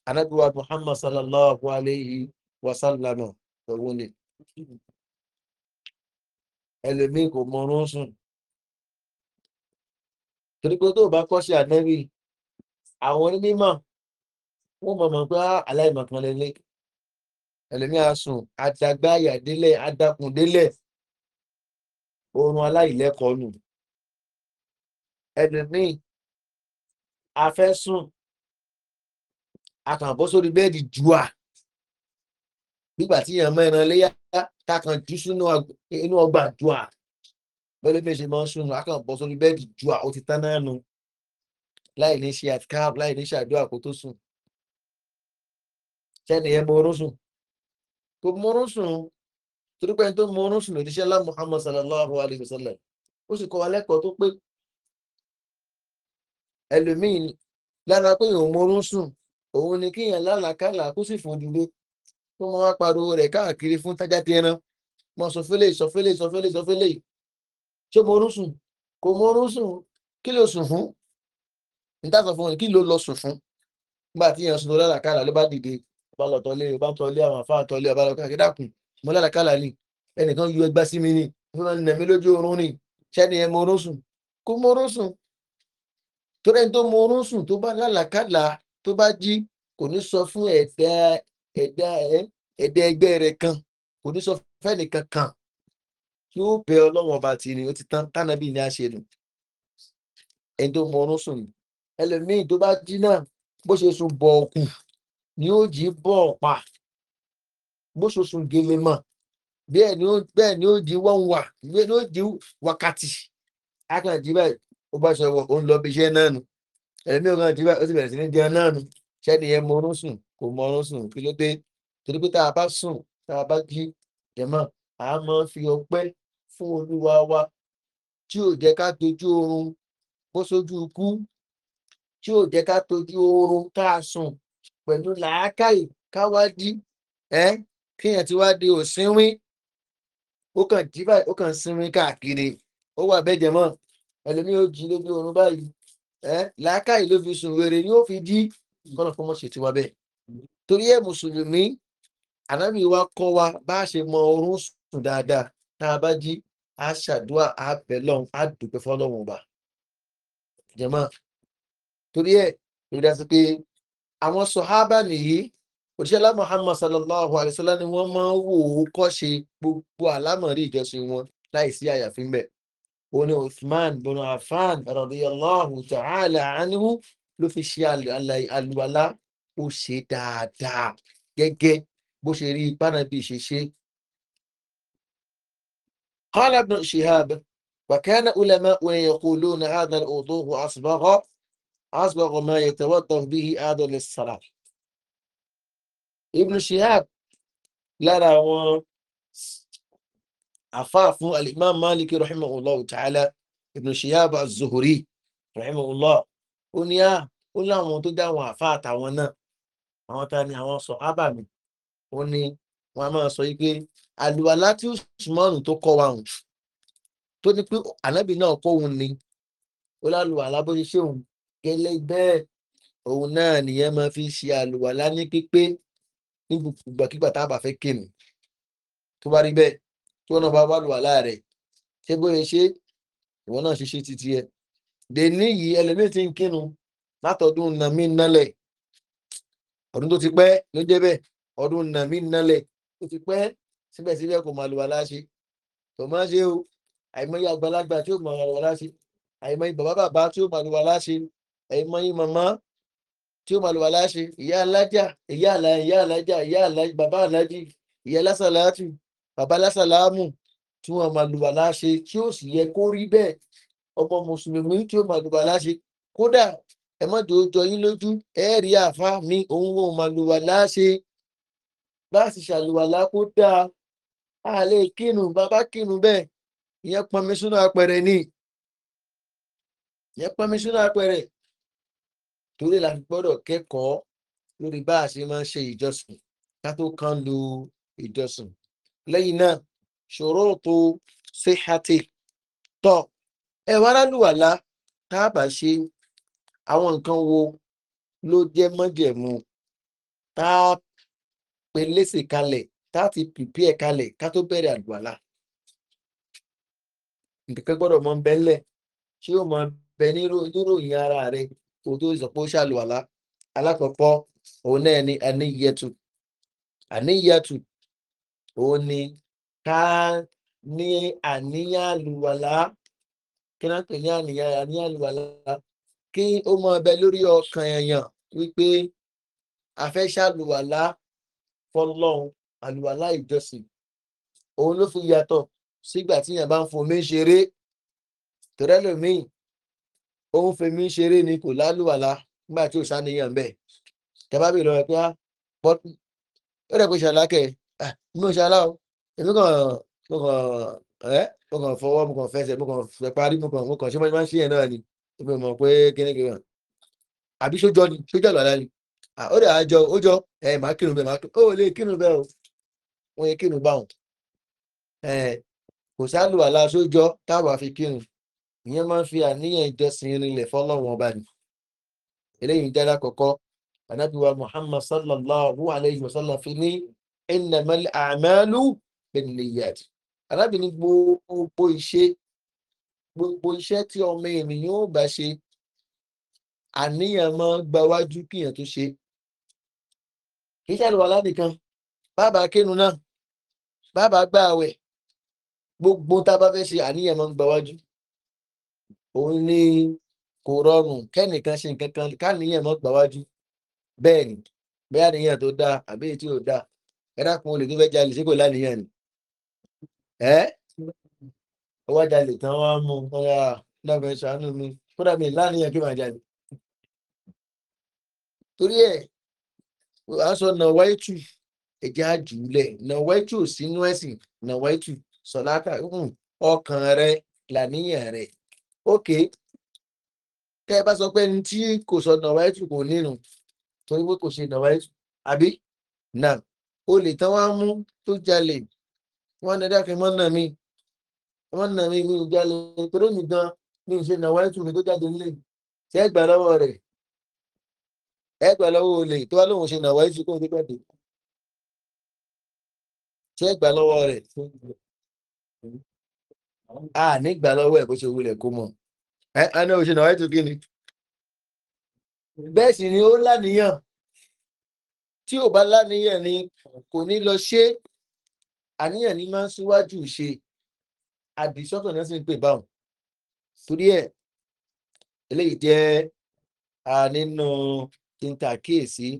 anábíwá muhammad sallallahu alayhi wa sallam òun ni ẹlòmíì kò mọ̀ọ́rún sùn torí pé tó o bá kọ́ ṣe ànábì àwọn onímọ̀ wọ́n mọ̀ mọ̀ pé ah, aláìmọ̀kan lélẹ̀ ẹlẹ́mí àsùn àtàgbáyà délẹ̀ adakùn délẹ̀ oorun aláìlẹ́kọ̀ọ́ nù ẹlẹ́mí afẹ́sùn akànbọ́ sórí bẹ́ẹ̀dì jùà nígbà tí èèyàn mẹ́ran léyà takàn jù sínú inú ọgbà jùà bẹ́ẹ̀ ló fi ṣe máa ń sùn akànbọ́ sórí bẹ́ẹ̀dì jùà ó ti tán náà nù láì ní ṣe àtikáàb láì ní ṣàdúrà kó tó sùn sẹ́ni ẹ mọ̀ọ́rún sùn kò mọ̀ọ́rún sùn torípẹ́ tó mọ̀ọ́rún sùn lòdìṣẹ́ lá muhammad sallallahu alayhi wa sallam ó sì kọ́ wa lẹ́kọ̀ọ́ tó pé ẹlòmíì lára pé òun mọ̀ọ́rún sùn òun ni kíyàn lálàkálà kó sì fòdù lé tó mọ́ wá pariwo rẹ̀ káàkiri fún tájá ti ẹran mọ́ sọfẹ́lẹ̀ sọfẹ́lẹ̀ sọfẹ́lẹ̀ sọfẹ́lẹ̀ ṣé mọ̀ọ́rún sùn kò mọ̀ọ́rún sùn kí ló sùn fún níta sọ fún wọn kí ló lọ sùn fún nígbà tí èèyàn sùn lọ lálàkàlà ló bá dìde bá lọ tọ́lé bá tọ́lé àwọn àfáà tọ́lé ọba lọ́kàn kí dákun mo lálàkàlà ni ẹnìkan yọ ẹgbà sí mi ni fún mi nàmi lójú oorun ni ṣẹ́ni ẹ morún sùn kó morún sùn torí ẹni tó morún sùn tó bá lálàkàlà tó bá jí kò ní sọ fún ẹ̀dá ẹ̀dá ẹ̀dá ẹgbẹ́ rẹ̀ kan kò ní sọ fẹ́ni kankan kí ó bẹ ọlọ́wọ́n ọba tì ní ó ti tán tánàbí ni a ṣe nù ẹni tó morún sùn ẹlòmíì tó bá jí náà bó ṣe sùn bọ̀ ọ̀kù ni ó jí bọ̀ ọ̀pá bó ṣe sùn gèlè mọ̀ bẹ́ẹ̀ ni ó bẹ́ẹ̀ ni ó jí wọ́n wà bẹ́ẹ̀ ni ó di wákàtí akànjí bẹ́ẹ̀ ó bá ṣe wọ̀ ó ń lọ bí iṣẹ́ náà nù ẹ̀mí ọ̀gá ti bá ó sì bẹ̀rẹ̀ sí ní jẹun náà nù ṣẹ́ni yẹn mọ orún sùn kò mọ orún sùn kí ló dé torí pé tá a bá sùn tá a bá jí jẹ̀mọ́ a máa fi ọpẹ́ fún olúwa wa tí ò jẹ́ ká dojú oorun bó sójú ikú tí ò jẹ́ ká tojú oorun tá a sùn pẹ̀lú làákàyè káwádìí ẹ́ kíyàn ti wá di òsínwín ó kàn jí báyìí ó kàn sinmi káàkiri ó wà bẹ́jẹ̀ mọ́ ẹlòmí ó jí lójú oorun báyìí ẹ́ làákàyè ló fi sùn wèrè yóò fi jí kọ́nà fún mọ́ṣẹ̀ tiwa bẹ́ẹ̀ torí ẹ̀ mùsùlùmí ànábì wa kọ́ wa bá a ṣe mọ oorun sùn dáadáa tá a bá jí a ṣàdúrà a bẹ̀ lọ́hùn a dùpẹ́ fọ́lọ́hùn ọba jẹ̀mọ́ torí ẹ̀ ló dá sí pé àwọn sọ̀hábà nìyí òṣìṣẹ́lá muhammad sallallahu alayhi wa sallam ni wọ́n máa ń wò ó kọ́ṣe gbogbo àlámọ̀rí ìjọsìn wọn láìsí àyàfi ń bẹ̀. òun ni usman bin afan radiyallahu ta'ala anhu ló fi ṣe àlùwalá ó ṣe dáadáa gẹ́gẹ́ bó ṣe rí bánàbí ṣe ṣe. قال ابن شهاب وكان علماؤنا يقولون هذا الوضوء أصبغ أصبغ ما يتوضأ به آدم للصلاة Ibn Shihab lára àwọn àfáà fún al-Imam Malik rahimahullah ta'ala Ibn Shihab az-Zuhri rahimahullah ó ní á ó láwọn tó dá àwọn àfáà àtàwọn náà àwọn ta ni àwọn sàhábà mi ó ní wọn a máa sọ yìí pé àlùwàlá tí Usman tó kọ́ wa hùn tó ní pé ànábì náà kọ́ òun ni ó lálùwàlá bó ṣe ṣéun gẹ́lẹ́ bẹ́ẹ̀ òun náà nìyẹn máa fi ṣe àlùwàlá ní pípé ní ìgbàkigbà tá a bá fẹ́ kírun tó bá rí bẹ́ẹ̀ tí wọ́n náà bá wà lùwàlá rẹ̀ ṣé bóyá ṣe ìwọ náà ṣe ṣe títí ẹ dèní yìí ẹlẹ́mìí ti ń kírun látọ̀dún nàmí nálẹ̀ ọdún tó ti pẹ́ ló jẹ́ bẹ́ẹ̀ ọdún nàmí nálẹ̀ tó ti pẹ́ síbẹ̀síbẹ̀ kò máa lùwàlá ṣe kò máa ṣe o àìmọye àgbàlagbà tí ó ẹ̀mọ́yìn màmá tí ó màlúwà láṣe ìyá alájà ìyá àlàyé ìyá alájà ìyá alájì bàbá alájì ìyá lásàlátù bàbá lásàlámù tí wọn màlúwà láṣe tí ó sì yẹ kó rí bẹ́ẹ̀ ọmọ mùsùlùmí tí ó màlúwà láṣe kódà ẹ̀mọ́dé ó jọ yín lójú ẹ̀ẹ́rì àfa mi òun ò màlúwà láṣe bá sì ṣàlùwà lákó dáa a lè kírun bàbá kírun bẹ́ẹ̀ ìyẹn pọnmi sínú apẹ̀rẹ̀ ni ìyẹn pọnmi sínú apẹ̀rẹ̀ torí la gbọ́dọ̀ kẹ́kọ̀ọ́ lórí bá a ṣe máa ń ṣe ìjọsìn ká tó kán lu ìjọsìn lẹ́yìn náà ṣòro tó ṣèhàtì tọ̀ ẹ̀wọ̀n aráàlúwàlá tá a bá ṣe àwọn nǹkan wo ló jẹ́ mọ́jẹ̀mú tá a pè léṣe kalẹ̀ tá a ti pìpìẹ̀ kalẹ̀ ká tó bẹ̀rẹ̀ àlùwàlá nǹkan gbọ́dọ̀ mọ bẹ́ńlẹ̀ ṣé o mọ bẹ níròyìn ara rẹ kò tó sọ pé ó ṣàlùwàlá alákọ̀ọ́kọ́ òun náà ni àníyẹtù àníyẹtù òun ni ká ní àníyàn àlùwàlá kí náà pè ní àníyàn àlùwàlá kí ó mọ ọbẹ lórí ọkàn èèyàn wípé a fẹ́ ṣàlùwàlá fọlọ́hún àlùwàlá ìjọsìn òun ló fi yàtọ̀ sígbà tí èèyàn bá ń fomi ṣeré tòrẹ́lòmíì ó ń fi mí ṣeré ni kò lálùwàlá nígbà tí ò sáníyàn bẹ́ẹ̀ tẹ́bá bèèrè lọ́wọ́ pé pọ́t ó rẹ̀ pé ah, ṣàlákẹ́ ah, mi ò ṣàlá o èmi kàn mo kàn ẹ́ mo kàn fọwọ́ mo kàn fẹsẹ̀ mo kàn fẹ́ parí mo kàn mo kàn ṣé mo máa ń ṣe yẹn náà ni èmi mọ̀ pé kíní kíní hàn àbí sójọ ni sójọ àlọ́ àlá ni ah, ó rẹ̀ àjọ ó jọ ẹ̀ máa kírun bẹ́ẹ̀ máa kírun ó lè kírun bẹ́ẹ̀ o wọ́n yẹ kírun báwọn kò sálùwàlá sójọ táwọn àfi kírun ìyẹn máa ń fi àníyàn ìjọsìn rinlẹ̀ fọ́lọ́wọ́n ọba ni eléyìí dára kọ̀kọ́ anábíwá muhammad sallallahu alayhi wa sallam fi ní ẹnàmọ́lẹ̀ àmàlù bẹ̀nìyàd arábìnrin gbogbo iṣẹ́ gbogbo iṣẹ́ tí ọmọ ènìyàn ó bá ṣe àníyàn máa gba wájú kíyàn tó ṣe kì í ṣàlùwà bàbá kínú náà bàbá gbà àwẹ̀ gbogbo tá a bá fẹ́ ṣe àníyàn máa gba wájú òun ní kò kan káníyàn mọ́ gbàwájú bẹ́ẹ̀ ni bẹ́ẹ̀ àníyàn tó dáa àbí èyí tí ò dáa olè tó fẹ́ jalè láníyàn ni ẹ́ ó wá jalè tán wá mú ọ̀rá lọ́fẹ̀ẹ́ ṣàánú mi kódà mi láníyàn kí màá jalè torí ẹ̀ à ń sọ nàwáìtù ẹ̀jẹ̀ àjùlẹ̀ nàwáìtù sínú ọkàn làníyàn ok tẹ́ ẹ bá sọ pé ẹni tí kò sọ nàwáìtù kò nírun torí pé kò ṣe nàwáìtù àbí nà olè tán wá mú tó jalè wọn dẹdá fi mọ́ nà mí wọn nà mí mi ò jalè torí mi gan mi ò ṣe nàwáìtù mi tó jáde nílé ṣé ẹ gbà lọ́wọ́ rẹ̀ ẹ olè tó wá lóun ṣe nàwáìtù kó tó jáde ṣé ẹ gbà lọ́wọ́ a nígbà lọ́wọ́ ẹ̀ bó ṣe wulẹ̀ kó mọ̀ ẹ ní oṣù náà ètò kíni bẹ́ẹ̀ sì ni ó láníyàn tí ò bá láníyàn ni kò ní lọ ṣe àníyàn ni máa ń síwájú ṣe àdìsọ́tọ̀ náà sì ń pè báwọn torí ẹ̀ eléyìí jẹ́ a nínú kíntàkíyèsí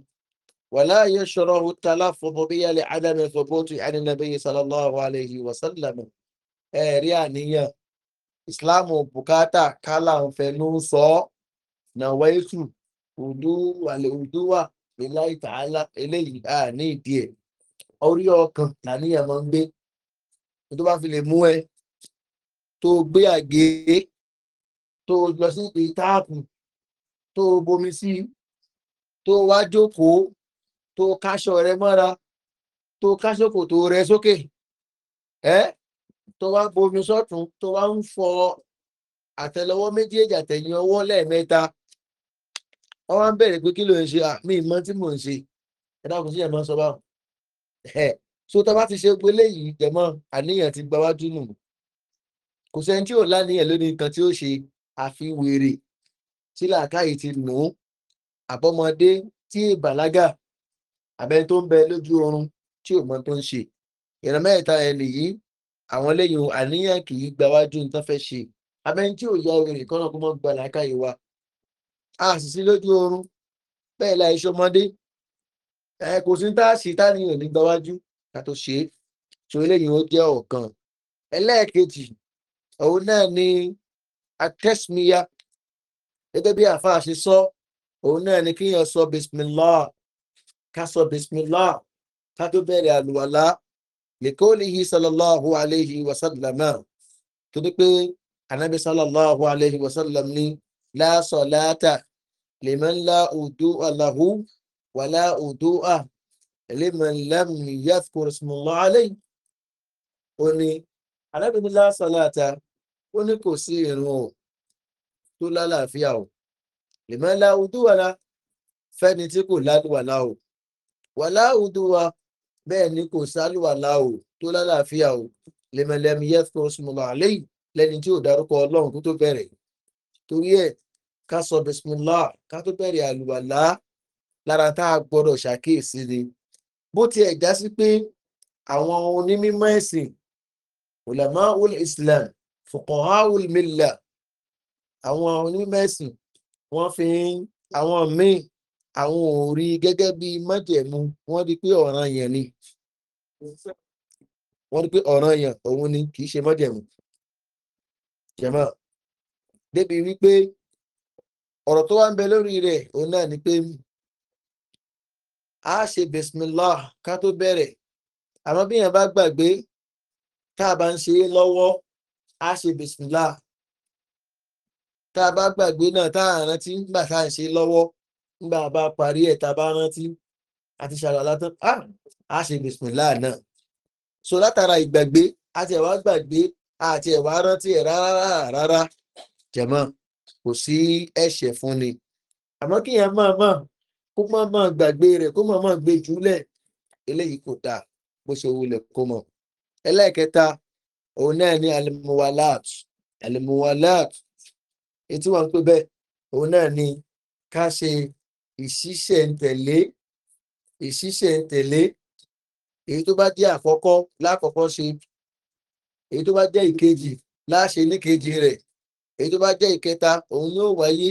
ولا يشرع التلفظ بها لعدم ثبوت عن النبي صلى الله عليه وسلم ẹ̀rí àníyàn ìsìláàmù bùkátà kálà ń fẹnu sọ ọ́ nàwọ́ ètù òdúwà láì tààlà eléyìí à ní ìdí ẹ̀ orí ọkàn làníyàn máa ń gbé tó bá fi lè mú ẹ tó gbé àgé tó lọ sí ìpè táàpù tó bomi sí tó wá jókòó tó káṣọ rẹ mọ́ra tó káṣọkò tó rẹ sókè tó wá bomi sọ́tún tó wá ń fọ àtẹlẹwọ́ méjèèjì àtẹ̀yìn ọwọ́ lẹ́ẹ̀mẹ́ta wọ́n wá ń bẹ̀rẹ̀ pé kí ló ń ṣe àmì ìmọ̀ tí mò ń ṣe ẹ̀dá kò sí ẹ̀mọ́ sọ báwọn ẹ̀ so tá a bá ti ṣe gbé léyìí jẹ̀mọ́ àníyàn ti gba wájú nù kò sẹ́ni tí ò láníyàn lónìí nǹkan tí ó ṣe àfiwèrè tí làákàyè ti nù ú àbọ́mọdé tí ìbàlágà àbẹ tó ń bẹ lójú oorun tí ò mọ tó ń ṣe ìrànmẹ́ta ẹ̀ nìyí àwọn eléyìí àníyàn kì í gbáwájú ní tán fẹ́ ṣe abẹ́ni tí ò ya orin nìkan náà kó mọ́ gba làákàyè wa a sì sí lójú oorun bẹ́ẹ̀ la iṣẹ́ ọmọdé ẹ kò sí tá a sì tá nìyàn ní gbáwájú ká tó ṣe é tó eléyìí ó jẹ́ ọ̀kan ẹlẹ́ẹ̀kejì òun náà ni atẹ́símíyá gẹ́gẹ́ bí àfáà ṣe sọ òun náà ni kíyàn sọ bismillah ká sọ bismillah ká tó bẹ̀rẹ̀ àlùwàlá lèkóòlìhì sọlọ́láhu aléhi wasálàmà tó ní pé anábì sọlọ́láhu aléhi wasálàm ní láàsọ̀ láàtà lèmọ́n láòdó aláhu wà láòdó à lèmọ́n lámì yàtùkùrùsùmùlọ́ aléyìí ó ní anábì ní láàsọ̀ láàtà ó ní kò sí irun o tó lálàáfíà o lèmọ́n láòdó wà fẹ́ni tí kò ládùwà láò wà láòdó wà bẹ́ẹ̀ ni kò sálùwàlá o tó lálàáfíà o lèmẹlẹmi yẹ fún ọsùnmọlá lẹ́yìn lẹ́ni tí ò dárúkọ ọlọ́run kó tó bẹ̀rẹ̀ torí ẹ̀ ká sọ bisimilá ká tó bẹ̀rẹ̀ àlùwàlá lára tá a gbọ́dọ̀ ṣàkíyèsí ni bó tiẹ̀ já sí pé àwọn onímọ̀ ẹ̀sìn ulama ul islam fukaha ul mila àwọn onímọ̀ ẹ̀sìn wọ́n fi àwọn míì àwọn ò rí gẹ́gẹ́ bí májẹ̀mú wọ́n di pé ọ̀ràn yẹn ni wọ́n ní pé ọ̀ràn èèyàn òun ni kì í ṣe mọ́jẹ̀mú jẹ̀mọ́ débi wípé ọ̀rọ̀ tó wá ń bẹ lórí rẹ̀ òun náà ni pé a ṣe bisimilá ká tó bẹ̀rẹ̀ àmọ́ bí èèyàn bá gbàgbé tá a bá ń ṣe é lọ́wọ́ a ṣe bisimilá tá a bá gbàgbé náà tá a rántí nígbà tá a ń ṣe é lọ́wọ́ nígbà bá parí ẹ̀ tá a bá rántí àti ṣàlọ́lá tán á ṣe bisimilá náà so látara ìgbàgbé àti ẹ̀wà gbàgbé àti ẹ̀wà rántí ẹ̀ rárá rárá jẹ̀mọ́ kò sí ẹ̀ṣẹ̀ fún ni àmọ́ kí yẹn máa mọ̀ kó máa mọ̀ gbàgbé rẹ̀ kó máa mọ̀ gbé jùlẹ̀ eléyìí kò dáa bó ṣe wulẹ̀ kó mọ̀ ẹlẹ́ẹ̀kẹta òun náà ní alimuwalat alimuwalat etí wọn pé bẹ́ẹ̀ òun náà ní ká ṣe ìṣiṣẹ́ ń ìṣiṣẹ́ntẹ̀lé èyí tó bá jẹ́ àkọ́kọ́ lákọ̀ọ́kọ́ ṣe èyí tó bá jẹ́ ìkejì láṣe níkejì rẹ̀ èyí tó bá jẹ́ ìkẹta òun yóò wáyé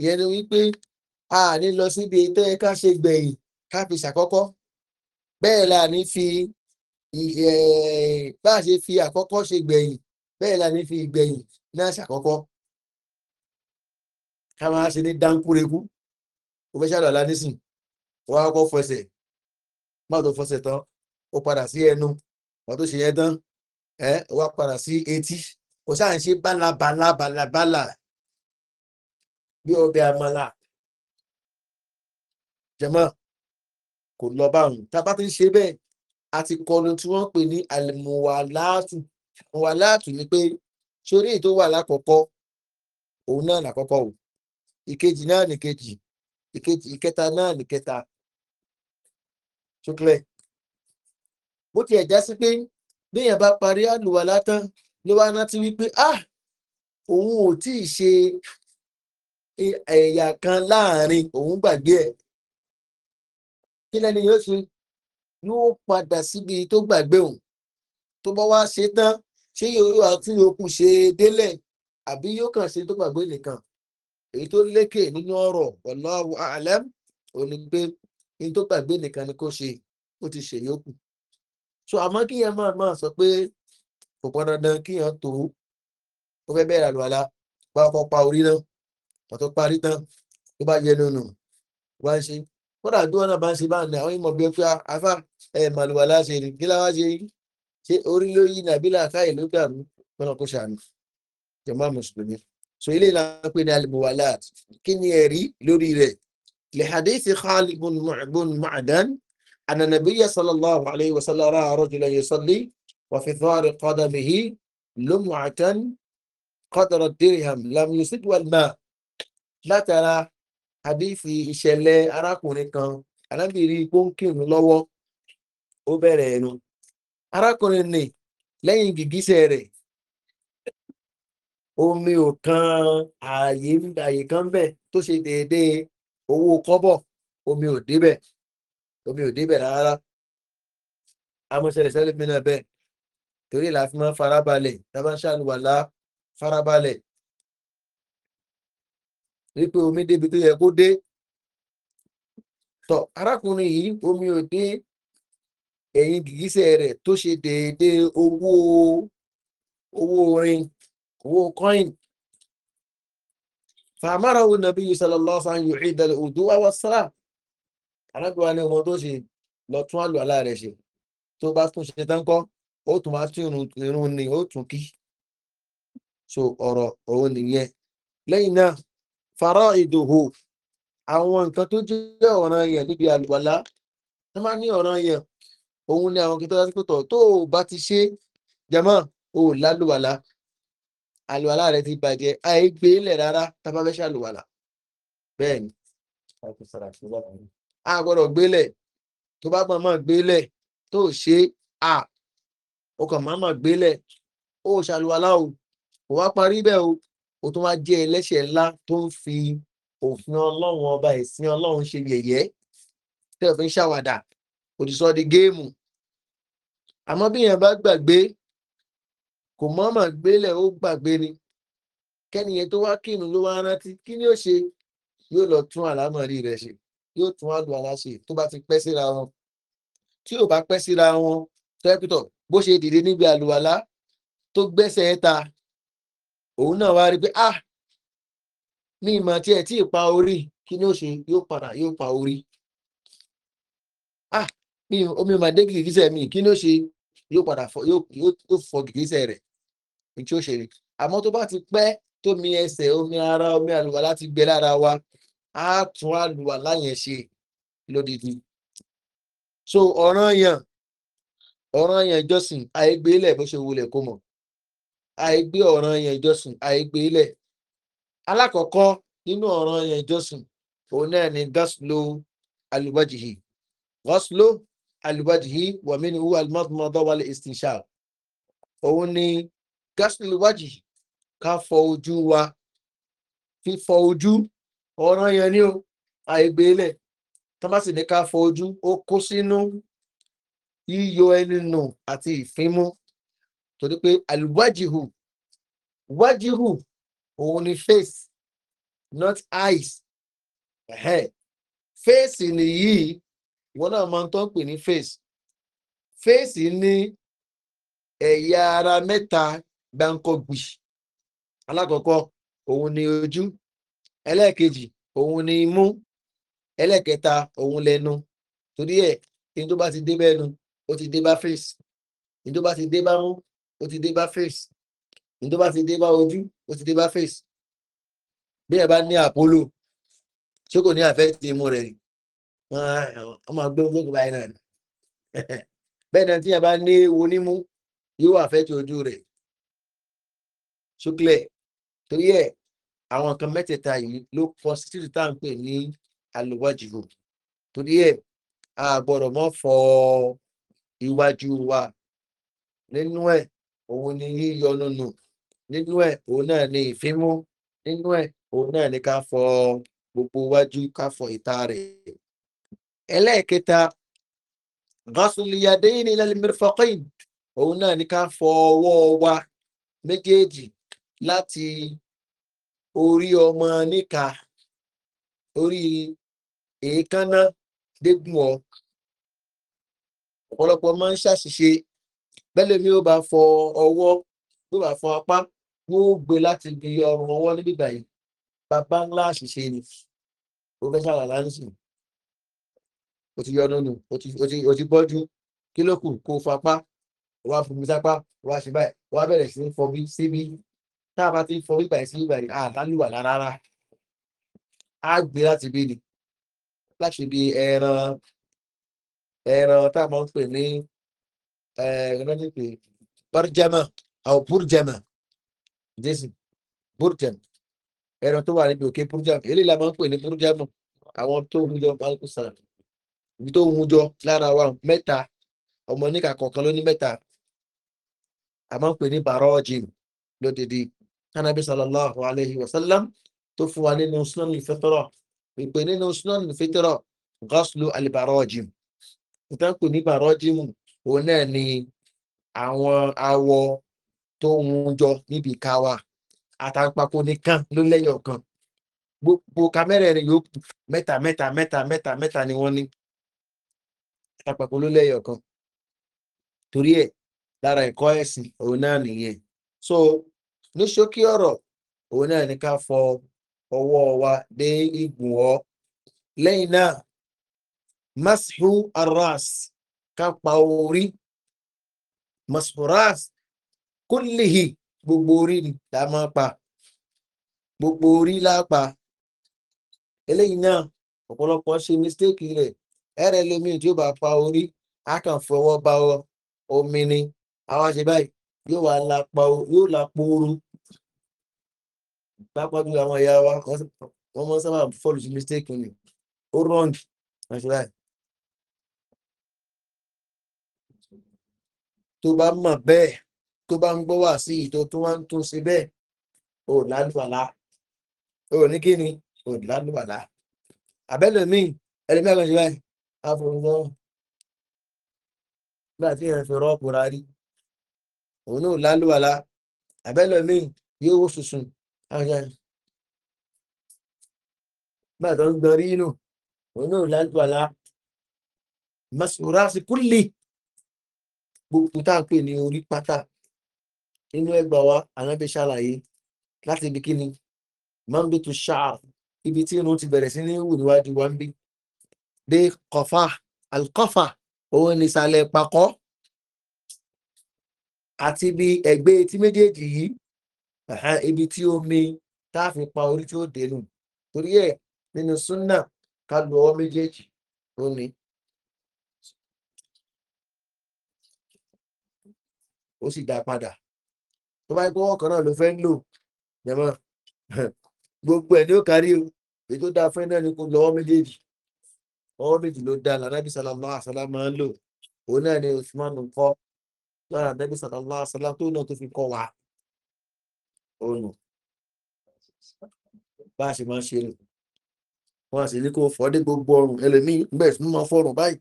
ìyẹn ni wípé a ní lọ síbi tó yẹ ká ṣe gbẹ̀yìn ká fi ṣàkọ́kọ́ bẹ́ẹ̀ la ní fi bá a ṣe fi àkọ́kọ́ ṣe gbẹ̀yìn bẹ́ẹ̀ la ní fi ìgbẹ̀yìn náà ṣàkọ́kọ́ ká máa ṣe ní dáńkúrekú òfẹ́ṣàlọ́ alá nísìn wọ́n á kọ́ fẹsẹ̀ máa tó fẹsẹ̀ tán ó padà sí ẹnu wọ́n tó ṣe yẹn tán ẹ wá padà sí etí kò sáà ń ṣe bálabàlabàlabàlà bí ọbẹ̀ àmàlà jẹ̀mọ́ kò lọ báwọn tábà ti ń ṣe bẹ́ẹ̀ àti kọlu tí wọ́n pè ní àlùmọ̀wàláàtù mọ̀wàláàtù ni pé sórí èyí tó wà lákọ̀ọ́kọ́ òun náà lákọ̀ọ́kọ́ o ìkejì náà nìkejì ìkejì ìkẹta náà nìkẹta ṣó clear bó tiẹ̀ já sí pé béèyàn bá parí àlùwà látán ló wá rántí wípé ah òun ò tí ì ṣe ẹ̀yà kan láàrin òun gbàgbé ẹ̀ kí lẹ́ni yóò ṣe yóò padà síbi tó gbàgbé òun tó bá wá ṣe tán ṣé yóò àti yòókù ṣe délẹ̀ àbí yóò kàn ṣe tó gbàgbé nìkan èyí tó lékè nínú ọ̀rọ̀ ọ̀làwọ̀ àlẹ́ òní pé èyí tó gbàgbé nìkan ni kó ṣe ó ti ṣe yókù so àmọ́ kí yẹn máa máa sọ pé kò pọn dandan kí yẹn tó ó fẹ́ bẹ̀rẹ̀ àlùwàlá bá ọkọ̀ pa orí náà ọ̀tọ̀ parí tán tó bá yẹ nínú wá ń ṣe kódà bí wọn náà bá ń ṣe bá ń àwọn ìmọ̀ bí wọn fi afá ah, ẹ̀ màlúwàlá ṣe rí kí láwá ṣe ṣe orí ló yí nàbílà káyè ló dàrú mọ́nà kó ṣàánú jẹ̀mọ́ mùsùlùmí so ilé ìlànà pé ní alìmọ̀wàlá kí ni ẹ̀rí lórí rẹ̀ لحديث خالد بن معدن أن النبي صلى الله عليه وسلم رأى رجلا يصلي وفي ثار قدمه لمعة قدر الدرهم لم يصب الماء لا ترى حديث إشلة أراكم أنا بيري كونكين لو ó bẹ̀rẹ̀ ẹnu arákùnrin ni lẹ́yìn gìgísẹ̀ rẹ̀ omi ò kan ààyè kan bẹ̀ tó ṣe déédéé owó kọ́bọ̀ omi ò débẹ̀ omi ò débẹ̀ rárá amọ̀ṣẹ̀lẹ̀ sẹ́lẹ̀mí náà bẹ́ẹ̀ torí la fi máa farabalẹ̀ tábà ń ṣàlùwàlá farabalẹ̀ rí pé omi débi tó yẹ kó dé tọ arákùnrin yìí omi ò dé ẹ̀yìn gìgísẹ̀ rẹ̀ tó ṣe déédéé owó owó orin owó kọ́ìn فأمره النبي صلى الله عليه وسلم أن يعيد الوضوء والصلاة arábìnrin wa ní ohun tó ṣe lọ tún àlù àlá rẹ ṣe tó bá tún ṣe tán kọ ó tún máa tún irun ni ó tún kí so ọrọ òun nìyẹn lẹyìn náà fara ìdòwò àwọn nǹkan tó jẹ ọràn yẹn níbi àlùwàlá tó máa ní ọràn yẹn òun ni àwọn kìtọ́ lásìkò tó o bá ti ṣe jẹmọ́ o lálùwàlá àlùwàlá rẹ ti bàjẹ́ àìgbé ilẹ̀ rárá tábà fẹ́ ṣàlùwàlà ni a gbọ́dọ̀ gbélẹ̀ tó bá gbọ́n mọ́ gbélẹ̀ tó ṣe à ọkàn máa mọ̀ gbélẹ̀ ó ṣàlùwàlá o kò wá parí bẹ́ẹ̀ o ó tún wá jẹ́ ẹlẹ́ṣẹ̀ ńlá tó ń fi òfin ọlọ́run ọba ìsìn ọlọ́run ṣe yẹ̀yẹ́ tẹ́ ò fi ń ṣàwàdà òdìsọ́ di géèmù àmọ́ bí yẹn bá gbàgbé kò mọ́mọ̀ gbélẹ̀ ó gbàgbé ni kẹ́niyẹn tó wá kírun ló wá rántí kí ni ó ṣe yóò lọ tún àlámọ̀rí rẹ̀ ṣe yóò tún àlù aláṣẹ tó bá ti pẹ́ síra wọn tí ò bá pẹ́ síra wọn tẹ́pítọ̀ bó ṣe dìde níbi àlùwàlá tó gbẹ́sẹ̀ ta òun náà wá rí pé ah ní ìmọ̀ tí ẹ̀ tí ì pa orí kí ni ó ṣe yóò padà yóò pa orí ah mi omi màdé gìgísẹ̀ mi kí ni ó ṣe yóò padà fọ yóò fọ gìgísẹ̀ rẹ̀ ní tí ó ṣe rè àmọ́ tó bá ti pẹ́ tó mi ẹsẹ̀ omi ara omi àlùwà láti gbẹ lára wa á tún àlùwà láyẹn ṣe lódìdí so ọ̀ràn yàn ọ̀ràn yàn ìjọsìn àìgbé ilẹ̀ bó ṣe wulẹ̀ kó mọ̀ àìgbé ọ̀ràn yàn ìjọsìn àìgbé ilẹ̀ alákọ̀ọ́kọ́ nínú ọ̀ràn yàn ìjọsìn òun náà ni gaslo alubajihi gaslo alubajihi wàmínú almadmọdọ wàlẹ istinshal òun ni gásìlì wájì ká fọ ojú wa fífọ ojú ọ̀ràn yẹn ni o àìgbé ilẹ̀ tọ́másì ní ká fọ ojú ó kó sínú yíyọ ẹni nù àti ìfimú torí pé àlùwájìhù wájìhù òun ni face not eyes face nìyí ìwọ náà máa ń tọ́ pè ní face face ní ẹ̀yà ara mẹ́ta gbáǹkọ́gbì alákọ̀ọ́kọ́ òun ni ojú ẹlẹ́ẹ̀kejì òun ni imú ẹlẹ́ẹ̀kẹta òun lẹnu torí ẹ̀ ní tó bá ti dé bẹ́ẹ̀nu ó ti dé bá fèsì ní tó bá ti dé bá mú ó ti dé bá fèsì ní tó bá ti dé bá ojú ó ti dé bá fèsì bí ẹ bá ní àpólò tí kò ní àfẹ́ ti imú rẹ̀ ọmọ gbé ojú báyìí náà bẹ́ẹ̀ náà tí ẹ bá ní ewu nímú yóò àfẹ́ ti ojú rẹ̀ sókèlè torí ẹ àwọn nǹkan mẹ́tẹ̀ẹ̀ta yìí ló pọ̀ sí títí tá à ń pè ní àlùwájú torí ẹ a gbọ́dọ̀ mọ́ fọ iwájú wa nínú ẹ̀ òun ni yíyọnu nù nínú ẹ̀ òun náà ni ìfimú nínú ẹ̀ òun náà ni ká fọ gbogbo iwájú ká fọ ìta rẹ̀ ẹlẹ́ẹ̀kẹta gọ́sùlìyàdé ní ilẹ̀ mẹ́fọ́kìn òun náà ni ká fọ ọwọ́ wa méjèèjì láti orí ọmọ níka orí èékánná dégun ọ ọ̀pọ̀lọpọ̀ máa ń ṣàṣìṣe bẹ́lẹ̀ mi ó bá fọ ọwọ́ ló bá fọ apá yóò gbé láti di ọrùn ọwọ́ níbi ìgbà yìí bàbá ńlá àṣìṣe ni professor alansi o ti yọnu nù o ti bọ́jú kí ló kù kó fapá wàá fún mi sápá wàá ṣe báyìí wàá bẹ̀rẹ̀ sí í fọ bí síbí tá a bá ti forí bàyẹ̀ sí bàyẹ̀ àdánìwà rárá á gbé láti bí ni láti bí ẹran ẹran tá a máa ń pè ní ẹran ní pé bọ́rjẹ́mọ̀ àwọn búrjẹ́mọ̀ jésù búrjẹ́mọ̀ ẹran tó wà níbi òkè búrjẹ́mọ̀ eléyìí la máa ń pè ní búrjẹ́mọ̀ àwọn tó ń jọ báńkù sàn ibi tó ń jọ lára wa mẹ́ta ọmọ oníkà ló ní mẹ́ta a máa ń pè ní bàrọ́ọ̀jì lódìdí kánábí sallallahu alayhi wa sallam tó fún wa nínú sunan ìfẹ́tọ́rọ̀ ìpè nínú sunan ìfẹ́tọ́rọ̀ gọ́sùlù alibarọ́jìm ìtànkù ní barọ́jìm òun náà ni àwọn awọ tó ń jọ níbi káwa àtàǹpàkò nìkan ló lẹ́yọ̀ kan gbogbo kamẹ́rẹ̀ẹ́rin yòókù mẹ́ta mẹ́ta mẹ́ta mẹ́ta mẹ́ta ni wọ́n ní àtàǹpàkò ló lẹ́yọ̀ kan torí ẹ̀ lára ẹ̀kọ́ ẹ̀sìn òun náà nìyẹn so ní ṣókí ọ̀rọ̀ òun náà ní ká fọ ọwọ́ wa dé igun ọ lẹ́yìn náà mashu aras ká pa orí mashu ras kúlìhì gbogbo orí la máa pa gbogbo orí la pa eléyìí náà ọ̀pọ̀lọpọ̀ ṣe mistake rẹ̀ ẹ̀rẹ̀ lómi tí ó bá pa orí a kàn fọwọ́ bá omi ni àwa ṣe báyìí yóò wá lápá yóò lápá oru pápájú àwọn ẹ̀yà wa wọ́n mọ́ sábà fọ́lù sí mistake ni ó wrong àṣírí tó bá mọ̀ bẹ́ẹ̀ tó bá ń gbọ́ wà sí ìtò tó wá ń tún sí bẹ́ẹ̀ ò lálùbàlá ò ní kí ni ò lálùbàlá àbẹ́lẹ̀ míì ẹni mẹ́rin ṣe báyìí àfọwọ́ nígbà tí èèyàn fi rọ́ọ̀pù rárí òun náà lálùwàlá àbẹ́lẹ̀ míì yóò wó sùsùn bá tó ń gbọ́rí inú òun náà lálùwàlá masurasi kúlì gbogbo tá à ń pè ní orí pátá nínú ẹgbà wa anábẹ́ ṣàlàyé láti ibi kíni máa ń bí tu ṣáà ibi tí irun ti bẹ̀rẹ̀ sí ní wù níwájú wa ń bí dé kọfà alkọfà òun ní ìsàlẹ̀ pakọ́ àti ibi ẹ̀gbẹ́ etí méjèèjì yìí ibi tí omi tá a fi pa orí tí ó dénú torí ẹ̀ nínú súnà ká lu ọwọ́ méjèèjì ó ní. ó sì dá padà tó bá gbọ́ ọ̀kan náà ló fẹ́ ń lò jẹ́mọ́ gbogbo ẹ̀ ní ó kárí o èyí tó dáa fẹ́ náà ni kò lọ́wọ́ méjèèjì ọwọ́ méjì ló dáa lànà bí sàlámà àsálà máa ń lò òun náà ni usman ń kọ́ lọ́ra bẹ́bí sàtàlá sàlá tó náà tó fi kọ́ wa ònù bá a ṣe máa ṣe nù wọn sì ní kó fọdé gbogbo ọrùn ẹlòmíín bẹ́ẹ̀ sì máa fọrùn báyìí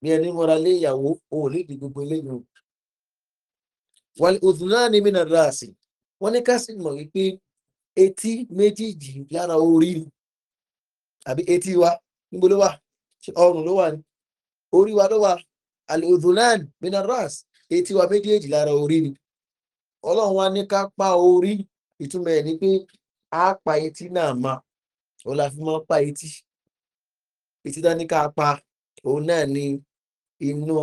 bí ẹni mọ́ra lé ìyàwó òun lè di gbogbo eléyìí o wọn òtún náà ní mìíràn rà sí wọn ní ká sì mọ̀ wípé etí méjìjì lára orí àbí etí wa níbo ló wà ọrùn ló wà ní orí wa ló wà àlè òtún náà mìíràn rà sí etí wa méjèèjì lára orí ni ọlọ́run wa ní ká pa orí ìtumọ̀ ẹ̀ ni pé a pa etí náà ma òun la fi mọ́ pa etí etí dání ká pa òun náà ni inú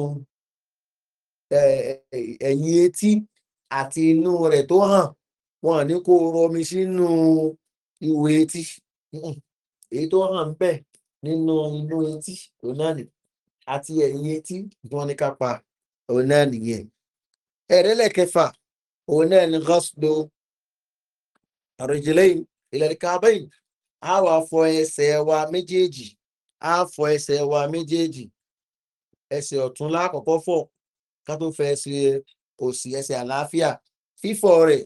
ẹ̀yìn etí àti inú rẹ̀ tó hàn wọn ní kó rọmi sínú ìwé etí hmm. èyí tó hàn bẹ́ẹ̀ nínú inú etí òun náà ni àti ẹ̀yìn etí wọn ní ká pa òun náà nìyẹn ẹ̀rẹ́lẹ̀kẹfà òun náà ni gọ́sùdó àròjìlẹ́yìn ìlẹ̀kàbẹ́yìn a wà fọ ẹsẹ̀ wa méjèèjì a fọ ẹsẹ̀ wa méjèèjì ẹsẹ̀ ọ̀tún lákọ̀ọ́kọ́ fọ̀ ká tó fẹ́ ẹsẹ̀ òsì ẹsẹ̀ àlàáfíà fífọ̀ rẹ̀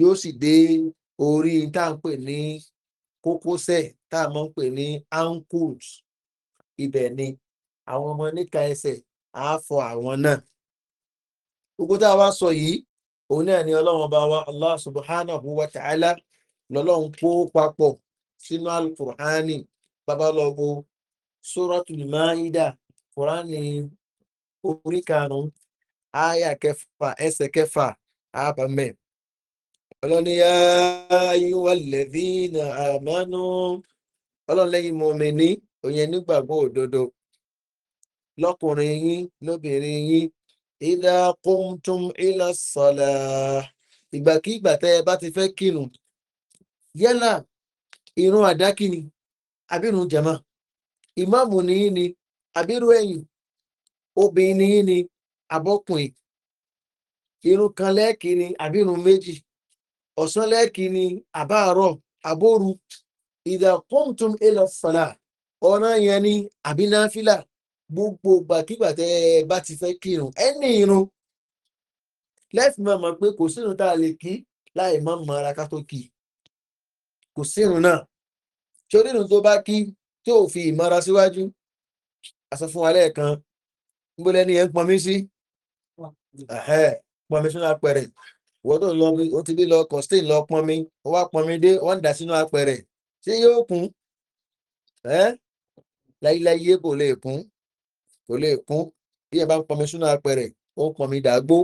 yóò sì dé orí tá à ń pè ní kókósẹ̀ tá à mọ́ ń pè ní ankles ibẹ̀ ni àwọn ọmọ níka ẹsẹ̀ á àwọn náà gbogbo tá a wá sọ yìí òun náà ni ọlọ́run ọba wa allah subhanahu wa ta'ala lọ́lọ́run kó papọ̀ sínú alukur'ani babalọ́gbọ́ sóràtúlù máìdá kùránì orí karùn-ún àyà kẹfà ẹsẹ̀ kẹfà àbàmẹ́ ọlọ́niyà ayúwà lẹ́bí na àmánú ọlọ́lẹ́yìn mọ̀mí òyìn nígbàgbọ́ òdodo lọ́kùnrin yín lóbìnrin yín ìdá kóńtùm ìlà sọ̀lá ìgbàkígbà tẹ́ ẹ bá ti fẹ́ kírun yálà irun àdákì ni àbírun jẹ̀mọ́ ìmáàmù ní í ni àbírú ẹ̀yìn obìnrin ní í ni àbọ́kùnrin irun kan lẹ́ẹ̀kì ni àbírun méjì ọ̀sán lẹ́ẹ̀kì àbáàrọ̀ àbóru ìdá kóńtùm ìlà sọ̀lá ọ̀ràn yẹn ni àbínáfílà gbogbo gbàkígbà tẹ ẹ bá ti fẹ́ kírun ẹni irun lẹ́sì máa mọ̀ pé kò sírun tá a lè kí láì mọ́ mọ́ ara ká tó kì í kò sírun náà tí onírun tó bá kí tí ò fi ìmọ̀ra síwájú àṣọ fún wa lẹ́ẹ̀kan níbo lẹ́ni yẹn ń pọnmi sí pọnmi sínú apẹ̀rẹ̀ ìwọ́n tó ń lọ mi ó ti bí lọ kọ́stíìn lọ pọnmi ó wá pọnmi dé wọ́n ń dà sínú apẹ̀rẹ̀ ṣé yóò kún láíláí yé kò lè kún kò lè kún bí ẹ bá ń pọnmi sínú apẹ̀rẹ̀ ó ń pọnmi dàgbó.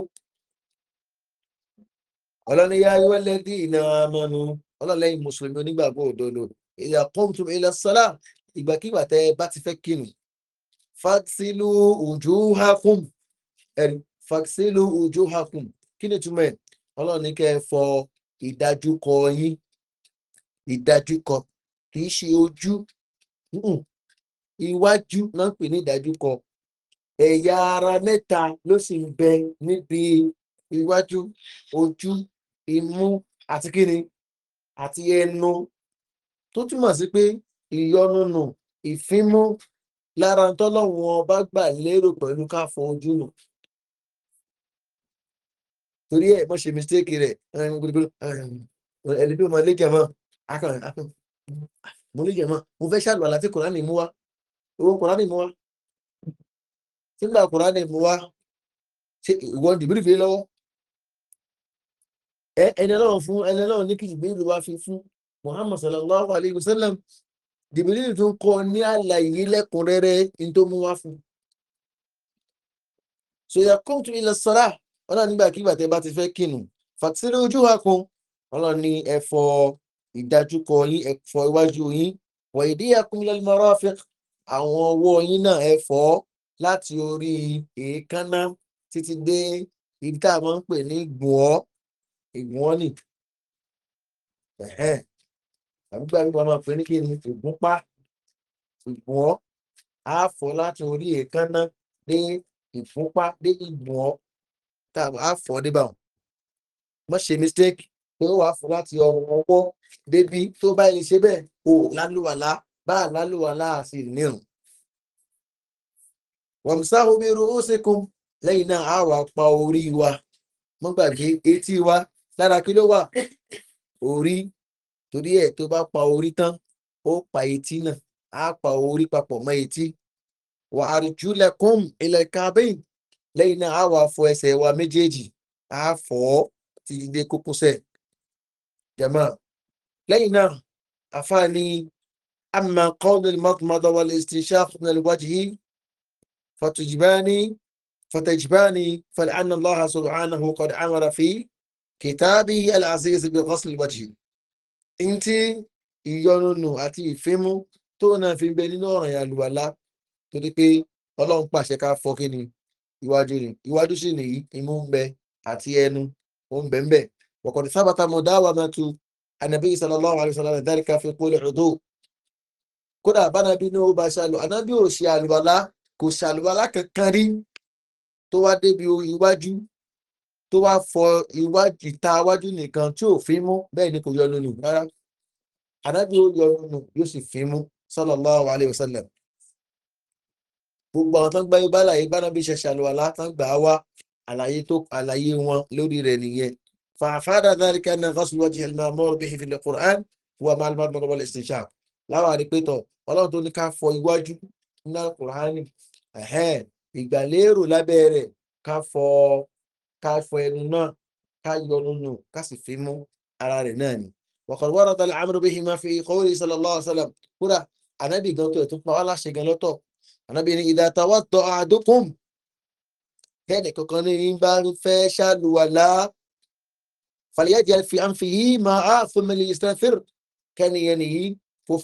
ọlọ́niyá ayọ́lẹ́dí iná amọ́nu ọlọ́lẹ́yìn mùsùlùmí onígbàgbọ́ òdodo ìyá kóńtù ilẹ̀ sọ́lá ìgbàkigbà tẹ bá ti fẹ́ kínu. fàksílù ojú hakùn ẹ̀rí fàksílù ojú hakùn kí ni túmọ̀ ẹ̀ ọlọ́ni kẹ́ ẹ fọ ìdájúkọ yín ìdájúkọ kì í ṣe ojú iwájú náà ń pè ní ìdájúkọ ẹ̀yà ara mẹ́ta ló sì ń bẹ níbi iwájú ojú imú àti kíni àti ẹnu tó túmọ̀ sí pé ìyọnunù ìfímú lára ń tọ́lọ́wọ́n ọba gbà lérò pẹ̀lú ká fọ ojú nù torí ẹ̀ mọ́ ṣe mistake rẹ̀ ẹni bí mo lè mọ́ akọrin akọrin mo mọ́ mo fẹ́ ṣàlùwàlá tí kòránì mú wá owó kòránì mú wá nígbà kùránì mú wá ṣe ìwọ dìbìrì fi lọ́wọ́ ẹni ọlọ́run fún ẹni ọlọ́run ní kí ìbéèrè wá fi fún muhammad sallallahu alayhi wa sallam dìbìrì tó ń kọ ní àlàyé lẹ́kùnrẹ́rẹ́ in tó mú wá fún so yà kó tún ilẹ̀ sọ́ra ọlọ́run nígbà kí bàtẹ́ bá ti fẹ́ kinu fàtírí ojú wa kun ọlọ́run ní ẹ̀fọ́ ìdájúkọ yín ẹ̀fọ́ iwájú yín wọ̀nyí díyà kúnlẹ̀ láti orí èékánná títí dé ibi tá a máa ń pè ní ìgbọ̀ọ́ ìgbọ̀ọ́ nì tàbí a máa pè ní kí ni ìgúnpá ìgbọ̀ọ́ á fọ láti orí èékánná dé ìfúnpá dé ìgbọ̀ọ́ tá a fọ débà wọn má ṣe mistake pé ó wàá fún láti ọrùn ọwọ́ débi tó bá ilé ṣe bẹ́ẹ̀ o lálùwàlá bá a lálùwàlá àti ìnírùn wọ̀msáhù mi ru ó sì kún lẹ́yìn náà á wà pa orí wa wọ́n gbà pé etí wa lára kí ló wà orí torí ẹ̀ tó bá pa orí tán ó pa etí náà á pa orí papọ̀ mọ́ etí wà á rí jùlẹ̀ kún ilẹ̀ kábẹ́yìn lẹ́yìn náà á wà fọ ẹsẹ̀ wa méjèèjì á fọ́ ti dé kókósẹ̀ jẹ̀mọ́ lẹ́yìn náà àfáà ni àmà kọ́ọ̀dù mọ́tòmọ́tò wọlé ṣe ṣáfùnà lọ́wọ́ jìí. فتجباني فتجباني فلأن الله سبحانه قد أمر في كتابه العزيز بغسل الوجه أنت ìyọnunu أتي ìfimú تونا في fi ń bẹ nínú ọ̀ràn àlùwàlá torí pé ọlọ́run pàṣẹ ká fọ kí ni iwájú ni iwájú sì nìyí imú ń bẹ àti ẹnu ó ń bẹ ń bẹ wọ̀kọ̀dé sábàtà mọ̀ dáwà máa tu ànàbí ìsàlọ́lọ́ àwọn àlùsàlọ́ rẹ̀ dáríkà fi kó lè ọ̀dọ́ kódà bánabí ní ó bá ṣàlù ànábí ò ṣe àlùwàlá kò ṣàlùwàlá kankan rí tó wá débi iwájú tó wá fọ ìta iwájú nìkan tí ò fi mú bẹ́ẹ̀ ni kò yọ lónìí rárá àdábì ó yọ lónìí yóò sì fi mú sọlọ́lá wa aleyhi sọlẹ̀ gbogbo àwọn tó ń gbá ibà láyé bánábí ṣe ṣàlùwàlá tó ń gbà á wá àlàyé tó àlàyé wọn lórí rẹ̀ nìyẹn fàáfàdà dáríkà náà fásitì wájú ẹ̀lmọ́ mọ́rọ̀ bí ìfìlẹ̀ kùrán wà máa lọ́mọdé wọlé ṣe ṣáà láwọn àdìpẹ́tọ̀ ọlọ́run tó ní ká fọ iwájú náà kùrán ìgbàlérò lábẹ́ rẹ̀ ká fọ ká fọ ẹnu náà ká yọnu nù ká sì fi mú ara rẹ̀ náà ni. wọ̀kàn wọ́n rọ̀tà láàmúrò bí hima fi kọ́wé sọlọ́lá ọ̀sọ́lá kúrà anábì gan tó ẹ̀ tó pa wá láṣẹ gan lọ́tọ̀ anábì ní ìdá tàwa tọ́ àdókùn kẹ́ẹ̀dẹ̀ kankan ní yín fẹ́ ṣàlùwàlá fàlẹ́yàjẹ́ fi àǹfi yìí máa á fún mi lè sẹ́fìr kẹ́niyẹn nìyí kó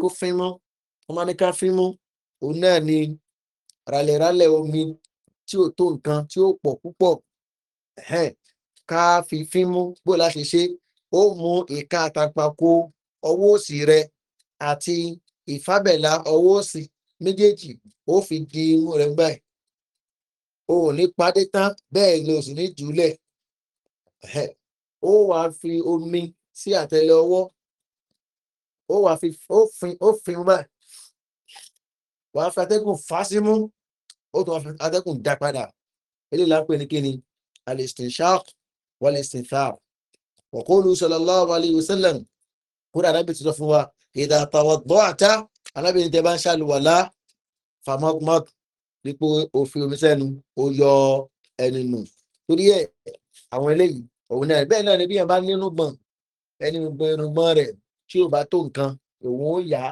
kó fẹ́ mọ́ wọ́n máa ní ká fímú òun náà ni ralẹ̀ralẹ̀ omi tí ò tó nǹkan tí ó pọ̀ púpọ̀ ká fi fímú bó láti ṣe ó mú ìka àtàpàkò ọwọ́ òsì rẹ àti ìfábẹ̀lá ọwọ́ òsì méjèèjì ó fi di imú rẹ gbà o ò ní padé tán bẹ́ẹ̀ ni o sì ní jùlẹ̀ ó wà fi omi sí àtẹlẹ ọwọ́ ó wà fi ó fin ó fin báyìí wà á fi atẹ́gùn fà símú ó tún wà fi atẹ́gùn dá padà eléyìí là ń pè ní kíni alistinshaq walistinthar wàkóòlù sallallahu alayhi wa sallam kúrò arábì ti sọ fún wa ìdá àtàwọ̀gbọ́ àtá arábì ní tẹ́bá ń ṣàlùwàlá famagmag dípò òfin omi sẹ́nu ó yọ ẹni nù torí ẹ̀ àwọn eléyìí òun náà bẹ́ẹ̀ náà ni bí yẹn bá nínú gbọ̀n ẹni gbọ̀n rẹ̀ tí ò bá tó nǹkan òun ó yá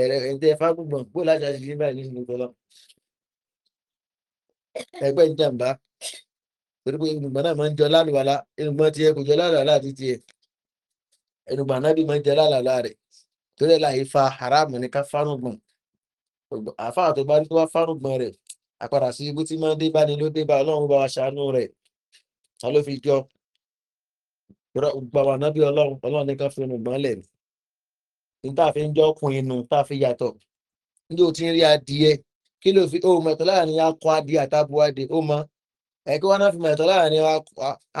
ẹ̀rẹ̀ ẹ̀ǹtẹ́ fágbùgbọ̀n bó láti ṣe ní báyìí nísìnyí tọ́lọ́ ẹgbẹ́ ìjàmbá torí pé ìgbìmọ̀ náà máa ń jọ lálùwàlá ìgbìmọ̀ ti ẹ kò jọ lálùwàlá àti tiẹ̀ ẹnùgbà náà bí máa ń jẹ lálùwàlá rẹ̀ torí ẹ̀ láì fa haram ní ká fárùngbọ̀n àfáà tó bá ní tó wá fárùngbọ̀n rẹ̀ àpadà sí ibú tí máa ń dé bá ní ló dé bá ọlọ́run bá wa ṣàánú rẹ̀ ta ló fi jọ gbọ́ àwọn ànábì ọlọ́run ọlọ́run ní ká fi ọmọ ìgbọ́n lẹ̀ ní tá a fi ń jọ kun inú tá a fi yàtọ̀ ní o ti ń rí adìẹ kí ló fi ó mẹ̀tọ́ láàrin akọ adìẹ àtàbò adìẹ ó mọ ẹ̀kí wọn náà fi mẹ̀tọ́ láàrin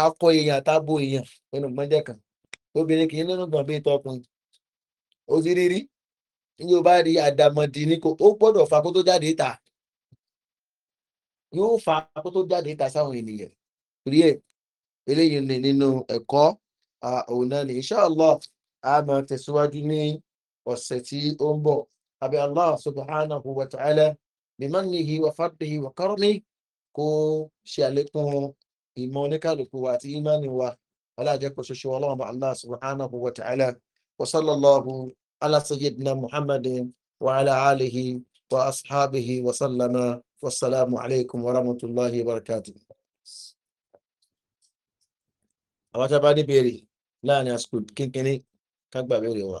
akọ èèyàn àtàbò èèyàn nínú gbọ́njẹ́ kan obìnrin kì í nínú gbọ̀n bí tọkùnrin ó ti rí rí ní o bá rí àdàmọ̀dì ní kò ó gbọ́dọ̀ fa kó tó jáde ìta yóò fa kó tó jáde ìta sáwọn ènìyàn rí ẹ eléyìí nínú ẹ̀kọ́ òun náà ní iṣẹ́ ọlọ́ àmọ̀ tẹ̀síwájú ní ọ̀sẹ̀ tí ó ń bọ̀ àbí allah subhanahu wa ta'ala bimanihi wa fadihi wa karmi kó ṣe àlékún ìmọ̀ oníkàlùkù àti imani wa alájẹ́ kò ṣoṣo ọlọ́run allah subhanahu wa ta'ala wa sallallahu ala sayyidina muhammadin wa ala alihi wa ashabihi wa sallama wassalamu alaikum wa rahmatullahi wa barakatuh àwọn tí a bá ní béèrè láàrin àsìkò kínkínní ká gbà béèrè wa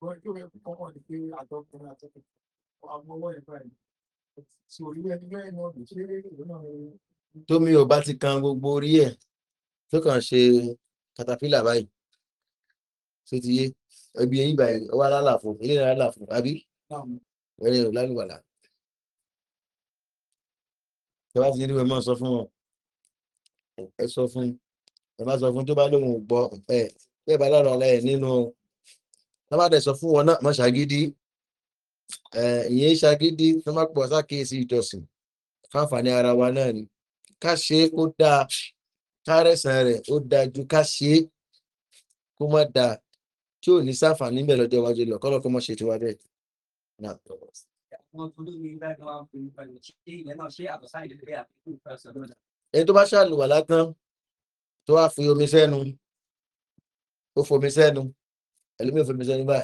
Wọ́n Tómi ò bá ti kan gbogbo orí ẹ̀ tó kàn ṣe katapila báyìí. Ṣé ti yé? Ẹbí ẹyin báyìí ọwọ́ alálàfo, ilé ìlànà alálàfo, àbí? Wẹ́rẹ́ ò lálùwàlà. Ṣé wá ti nílùú ẹ máa sọ fún wọn? Ẹ sọ fún ẹ má sọ fún tó bá lóun gbọ́ ẹ bẹ́ẹ̀ bá lára ọ̀la ẹ̀ nínú tọ́bá dẹ̀ sọ fún wọn náà mọ́ ṣàgídí ìyẹn ṣàgídí tó má pọ̀ sákèésí ìjọsìn fáfàní ara wa náà ni ká ṣe é kó dáa kárẹ̀sán rẹ̀ ó dáa ju ká ṣe é kó má dáa tí ò ní sáfàní bẹ́ẹ̀ lọ́jọ́ iwájú lọ kọ́ lọ́kọ́ mọ́ ṣe tiwa bẹ́ẹ̀. ẹni tó bá ṣàlùwà látán tó wá fi omi sẹ́nu ó fomi sẹ́nu ẹlòmíì òfin mẹsàn-án nígbà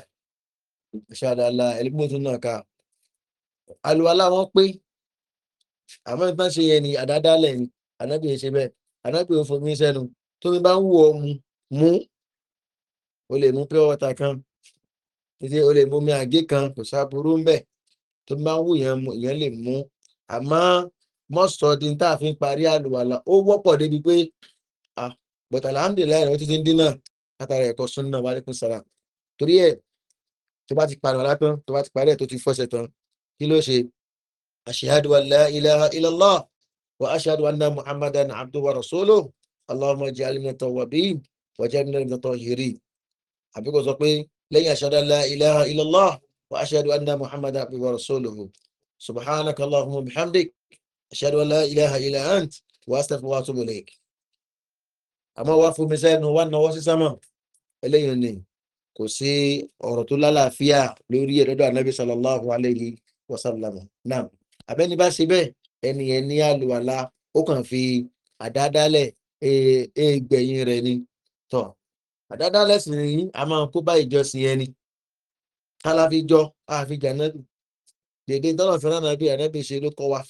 ṣàdàlà ẹlòmíì òtún náà ká àlùwalá wọn pé àmọ́ ìbá ṣe yẹn ni àdádálẹ̀ ni ànábì ṣe bẹ́ẹ̀ ànábì òfin mi sẹ́nu tómi bá ń wù ọ mu mú o lè mú pure water kan títí o lè mú omi àgé kan kò sáburú ń bẹ̀ tómi bá ń wù yẹn mu ìyẹn lè mú àmọ́ mọ́sọ̀dí tá a parí àlùwalá ó wọ́pọ̀ débi pé ah but alhamdulilayi ni wọ́n ti ti ń dín látara ẹ̀kọ́ sunna wa aleykum salaam torí ẹ̀ tó bá ti parí ọ̀rá tán tó bá ti parí ẹ̀ tó ti fọ́sẹ̀ tán kí ló ṣe aṣíhádù aláìlàlá wa aṣíhádù anna muhammadan abduwa rasolo allahumma jẹ́ alimọ̀tọ̀ wàbí wàjẹ́ alimọ̀tọ̀ yìí àbíkọ̀ sọ pé lẹ́yìn aṣíhádù aláìlàlá wa aṣíhádù anna muhammadan abduwa rasolo subhanaka allahumma bihamdik aṣíhádù aláìlàlá ant wa astaghfir wa atubu ilayk àmọ́ wá fún mi sẹ́nu wá náwó sí eléyìí ni kò sí ọ̀rọ̀ tó lálàáfíà lórí ẹ̀dọ́dọ̀ anábì sallallahu alayhi wa sallam náà abẹ́ni bá ṣe bẹ́ẹ̀ ẹni yẹn ní àlùwàlá ó kàn fi àdádálẹ̀ ẹgbẹ̀yìn e, e rẹ̀ ni tọ̀ àdádálẹ̀ sì ni a máa kó bá ìjọsìn ẹni káláfíjọ́ àfijọ́ anábì dèdè tọ́lọ̀ fẹ́ràn anábì anábì ṣe ló kọ́ wa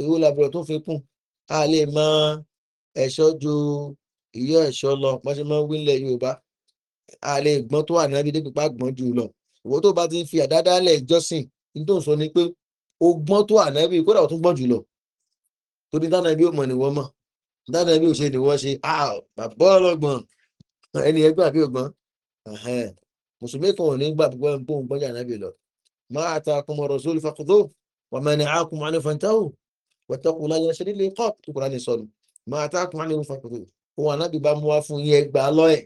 ewu làbúrò tó fi kùn a lè mọ ẹ̀ṣọ́ ju ìyọ́ ẹ̀ṣọ́ lọ àlè ìgbọ́n tó wà níbi débi pa gbọ́n jù lọ ìwọ tó bá ti fi àdáadáa lẹ̀ ìjọsìn ní tó ń sọ ni pé o tó wà níbi kódà ó tún gbọ́n jù lọ torí dáná ibi ò mọ̀ ni wọ́n dáná ibi ò ṣe ni wọ́n ṣe bàbá ọlọ́gbọ̀n ẹni ẹgbẹ́ àbí ògbọ́n mùsùlùmí kan ò ní gbà pípọ́ ń gbọ́n jà níbi lọ máa ta akọmọ rọ̀ sólù fakọ́tò wà mẹ́ni akọmọ alẹ́ fantáwò wọ́tẹ́kùn láyé ṣe nílé kọ́ọ̀tù kúrò ní sọnù máa ta akọmọ alẹ́ fantáwò òun ànábì bá mú wá fún yẹn gbà lọ́ẹ̀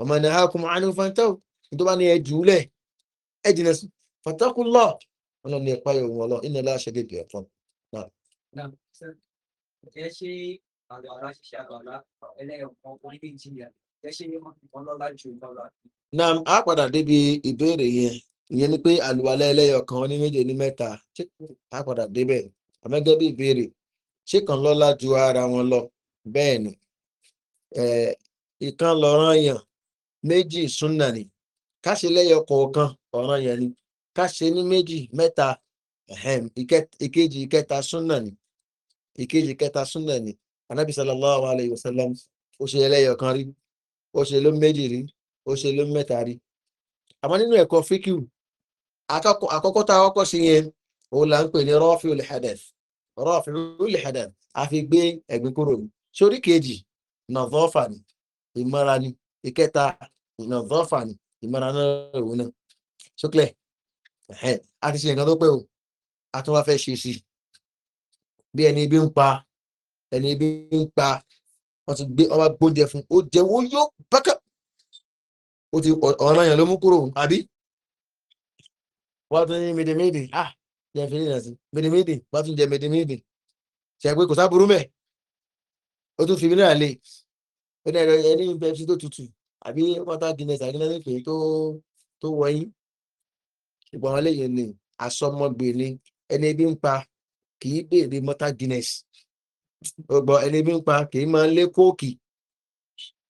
ọmọ ẹ̀nà àkùnmọ̀ àánú fantau tó bá ní ẹ jùúlẹ̀ ẹ jìnà sí fatakun lọ wọn ni ẹ̀pá yòówù wọn lọ iná láṣẹ gègé ẹ̀fọn náà. ẹ ṣe àlọ́ àlá ṣiṣẹ́ àlọ́ àlá ẹlẹ́yọ̀kan ọkùnrin méjìlá ẹ ṣe ọkùnrin lọ́la ju ìlọ́la. náà á padà débi ìbéèrè yẹn ìyẹn ni pé àlùwalẹ̀ ẹlẹ́yọ̀kan ní méje ní mẹ́ta á padà débẹ̀ àmẹ́gẹ́ bí ìbéèrè ṣé kan lọ́la ju ara wọn lọ bẹ́ẹ̀ ni ìkan lọ́rọ̀ yàn méjì súnà ni ṣe lẹ́yọ kọ̀ọ̀kan ọ̀ràn yẹn ni ṣe ní méjì mẹ́ta ìkejì ìkẹta súnà ni ìkejì ìkẹta súnà ni anábì sallallahu alayhi wa sallam ó ṣe lẹ́yọ kan rí ó ṣe ló méjì rí ó ṣe ló mẹ́ta rí àmọ́ nínú ẹ̀kọ́ àkọ́kọ́ tá a kọ́kọ́ sí yẹn òun là ń pè ní rọ́ọ̀fì olùhẹ́dẹ̀f rọ́ọ̀fì àfi gbé kúrò kejì ni ìkẹta ìnà dọ́fà ni ìmọ̀ra náà òun náà sókè a ti ṣe nǹkan tó pẹ́ o a tún wá fẹ́ ṣe sí bí ẹni ibi ń pa ẹni ibi ń pa wọ́n ti gbé ọba gbóúnjẹ fún ó jẹ́wọ́ yóò bákà ó ti ọ̀ràn yẹn ló mú kúrò àbí wọ́n tún ní mèdèmédè ah jẹ́ fi nìyẹn sí mèdèmédè wọ́n tún jẹ mèdèmédè ṣe pé kò sábúrú mẹ́ ó tún fi mí náà lè ẹni ẹ̀rọ ẹni pepsi tó tutù àbí water guinness àbí lẹ́yìn pé tó tó wọ̀nyí ṣùgbọ́n àwọn eléyìí ni asọmọgbè ni ẹni ebi ń pa kì í béèrè water guinness ọgbọ ẹni ebi ń pa kì í máa lé kóòkì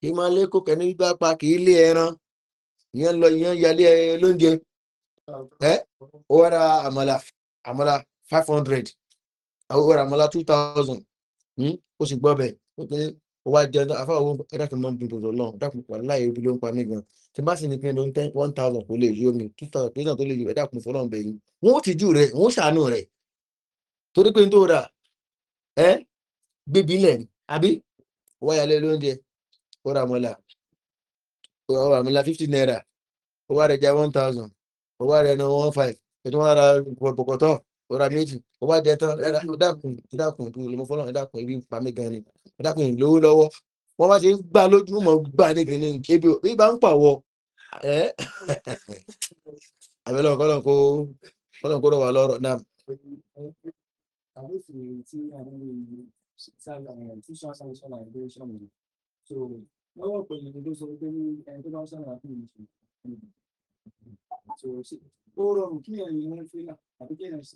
kì í máa lé kóòkì ẹni bá pa kì í lé ẹran ìyẹn lọ ìyẹn yalé lóúnjẹ ẹ ó wá ra àmàlà àmàlà five hundred ó wá ra àmàlà two thousand hmm, ó sì gbọ́ bẹ̀ ó pé ó wá jẹ́ afáwọn owó ẹ̀dàkùn mọ́ gbogbo ọlọ́run dákùn pàdé láàyè ibi ló ń pa mí gan tí bá sì ní pín ní one thousand kò lè yí omi two thousand pé náà tó lè yí ẹ̀dàkùn fọlọ́run bẹ̀ yín wọ́n ó tìjú rẹ̀ wọ́n ó ṣàánú rẹ̀ torí pé n tó rà ẹ́ bíbí lẹ̀ àbí wáyà lé lóúnjẹ ó rà mọ́là naira ó wá rẹ̀ já one thousand ó wá rẹ̀ ná one five ètò wọn rà bọ̀kọ̀tọ̀ ọ̀rọ̀ méjì ó wá jẹ tán ẹ̀dàkùn ẹ̀dàkùn tó lè mọ fọlọ́n ẹ̀dàkùn ibi pa mí gan ni ẹ̀dàkùn ìlówó lọ́wọ́ wọ́n bá ṣe ń gbá lójú mọ́ gbá níbi ní ebi bí bá ń pàwọ́ ẹ́ àbẹ̀lẹ̀ ọ̀kọ́lọ̀ kó kọ́lọ̀ kó rọ̀ wá lọ́rọ̀ náà. So, wọ́n wọ̀ pẹ̀lú ìdílé sọ pé ẹni tó bá ń sọ̀rọ̀ àfihàn ìṣòro ó rọrùn kí èèyàn yẹn fi là àbí kí èèyàn ṣe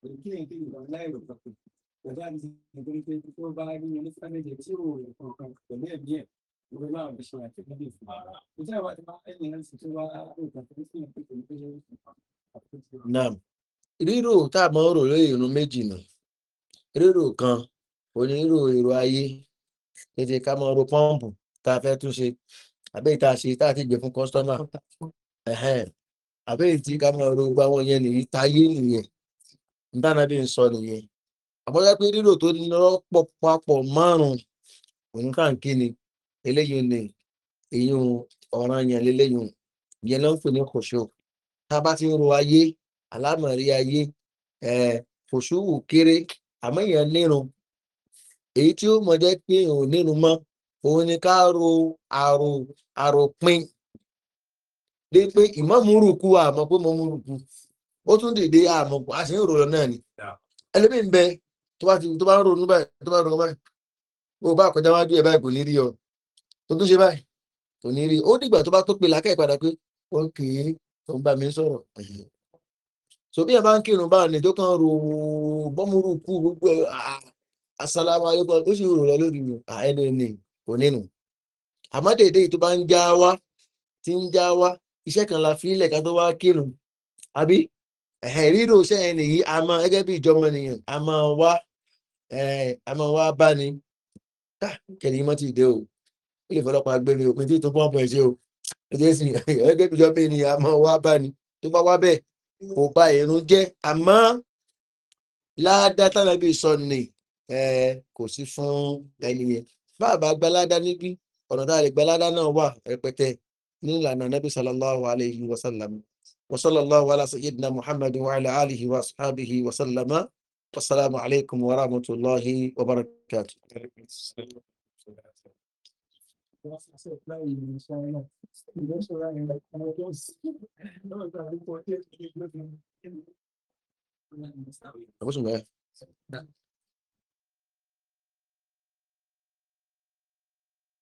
kí èèyàn kí èèyàn láìrò pàtó ìjọba àti ìgbóni pé tó bá rí ní onífẹ́lẹ́jẹ tí ò rẹ̀ kankan pẹ̀lú ẹ̀mí ẹ̀ lórí máa ń ṣe àti ìgbóni fún ara ìjọba àwọn àti máa ẹni tá a máa rò lórí ìrún méjì nù rírò kan onírò èrò ayé tètè ká máa ro pọ́ǹpù tá a fẹ́ túnṣe àbẹ́yìí tá a ṣe tá a ti gbé fún kọ́sítọ́mà àbẹ́yì tí ká máa nye gbá wọn yẹn nìyí táyé nìyẹn ntánadé ń sọ nìyẹn àbọ́já pé lílò tó ní lọ́pọ̀ papọ̀ márùn-ún òun káàkì ni eléyìí ni èyí ọ̀ràn yẹn léléyìí yẹn ló ń pè ní kòṣó tá a bá ti ń ro ayé alámọ̀rí ayé kòṣó dé pé ìmọ̀múrùkú àmọ́ pé mo múrùkú ó tún dèdè àmọ́ a sì ń ròyìn náà ni ẹlẹ́mì ń bẹ tó bá ti tó bá ń ronú báyìí tó bá ń ronú báyìí bó o bá kọjá wájú ẹ báyìí kò ní rí ọ tó tún ṣe báyìí kò ní rí ó dìgbà tó bá tó pe làákà so bí ẹ bá ń kírun báyìí nìjọ kan ro bọ́múrùkú gbogbo asalamu alaykum ó sì rò lọ lórí mi àẹ́nu ti ń já wá iṣẹ́ kan la fi ilẹ̀ ká tó wá kírun àbí rírò iṣẹ́ yẹn nìyí a máa gẹ́gẹ́ bí ìjọmọ nìyẹn a máa wá a máa wá bá ni kẹ̀lé mọ́ ti dé o ó lè fọlọ́pàá gbére òpin tí tó bọ́ ọmọ ẹ̀ ṣe o ẹ̀jẹ̀ sì gẹ́gẹ́ bí ìjọba ènìyàn a máa wá bá ni tó bá wá bẹ́ẹ̀ kò ba ìrún jẹ́ àmọ́ ládá tánàbí sọnì kò sí fún ẹni yẹn bá àbá gbaládá níbí ọ̀nà tá a lè gbaládá náà wà rẹpẹtẹ إلا أن النبي صلى الله عليه وسلم وصلى الله على سيدنا محمد وعلى آله وأصحابه وسلم والسلام عليكم ورحمة الله وبركاته Ne başım be.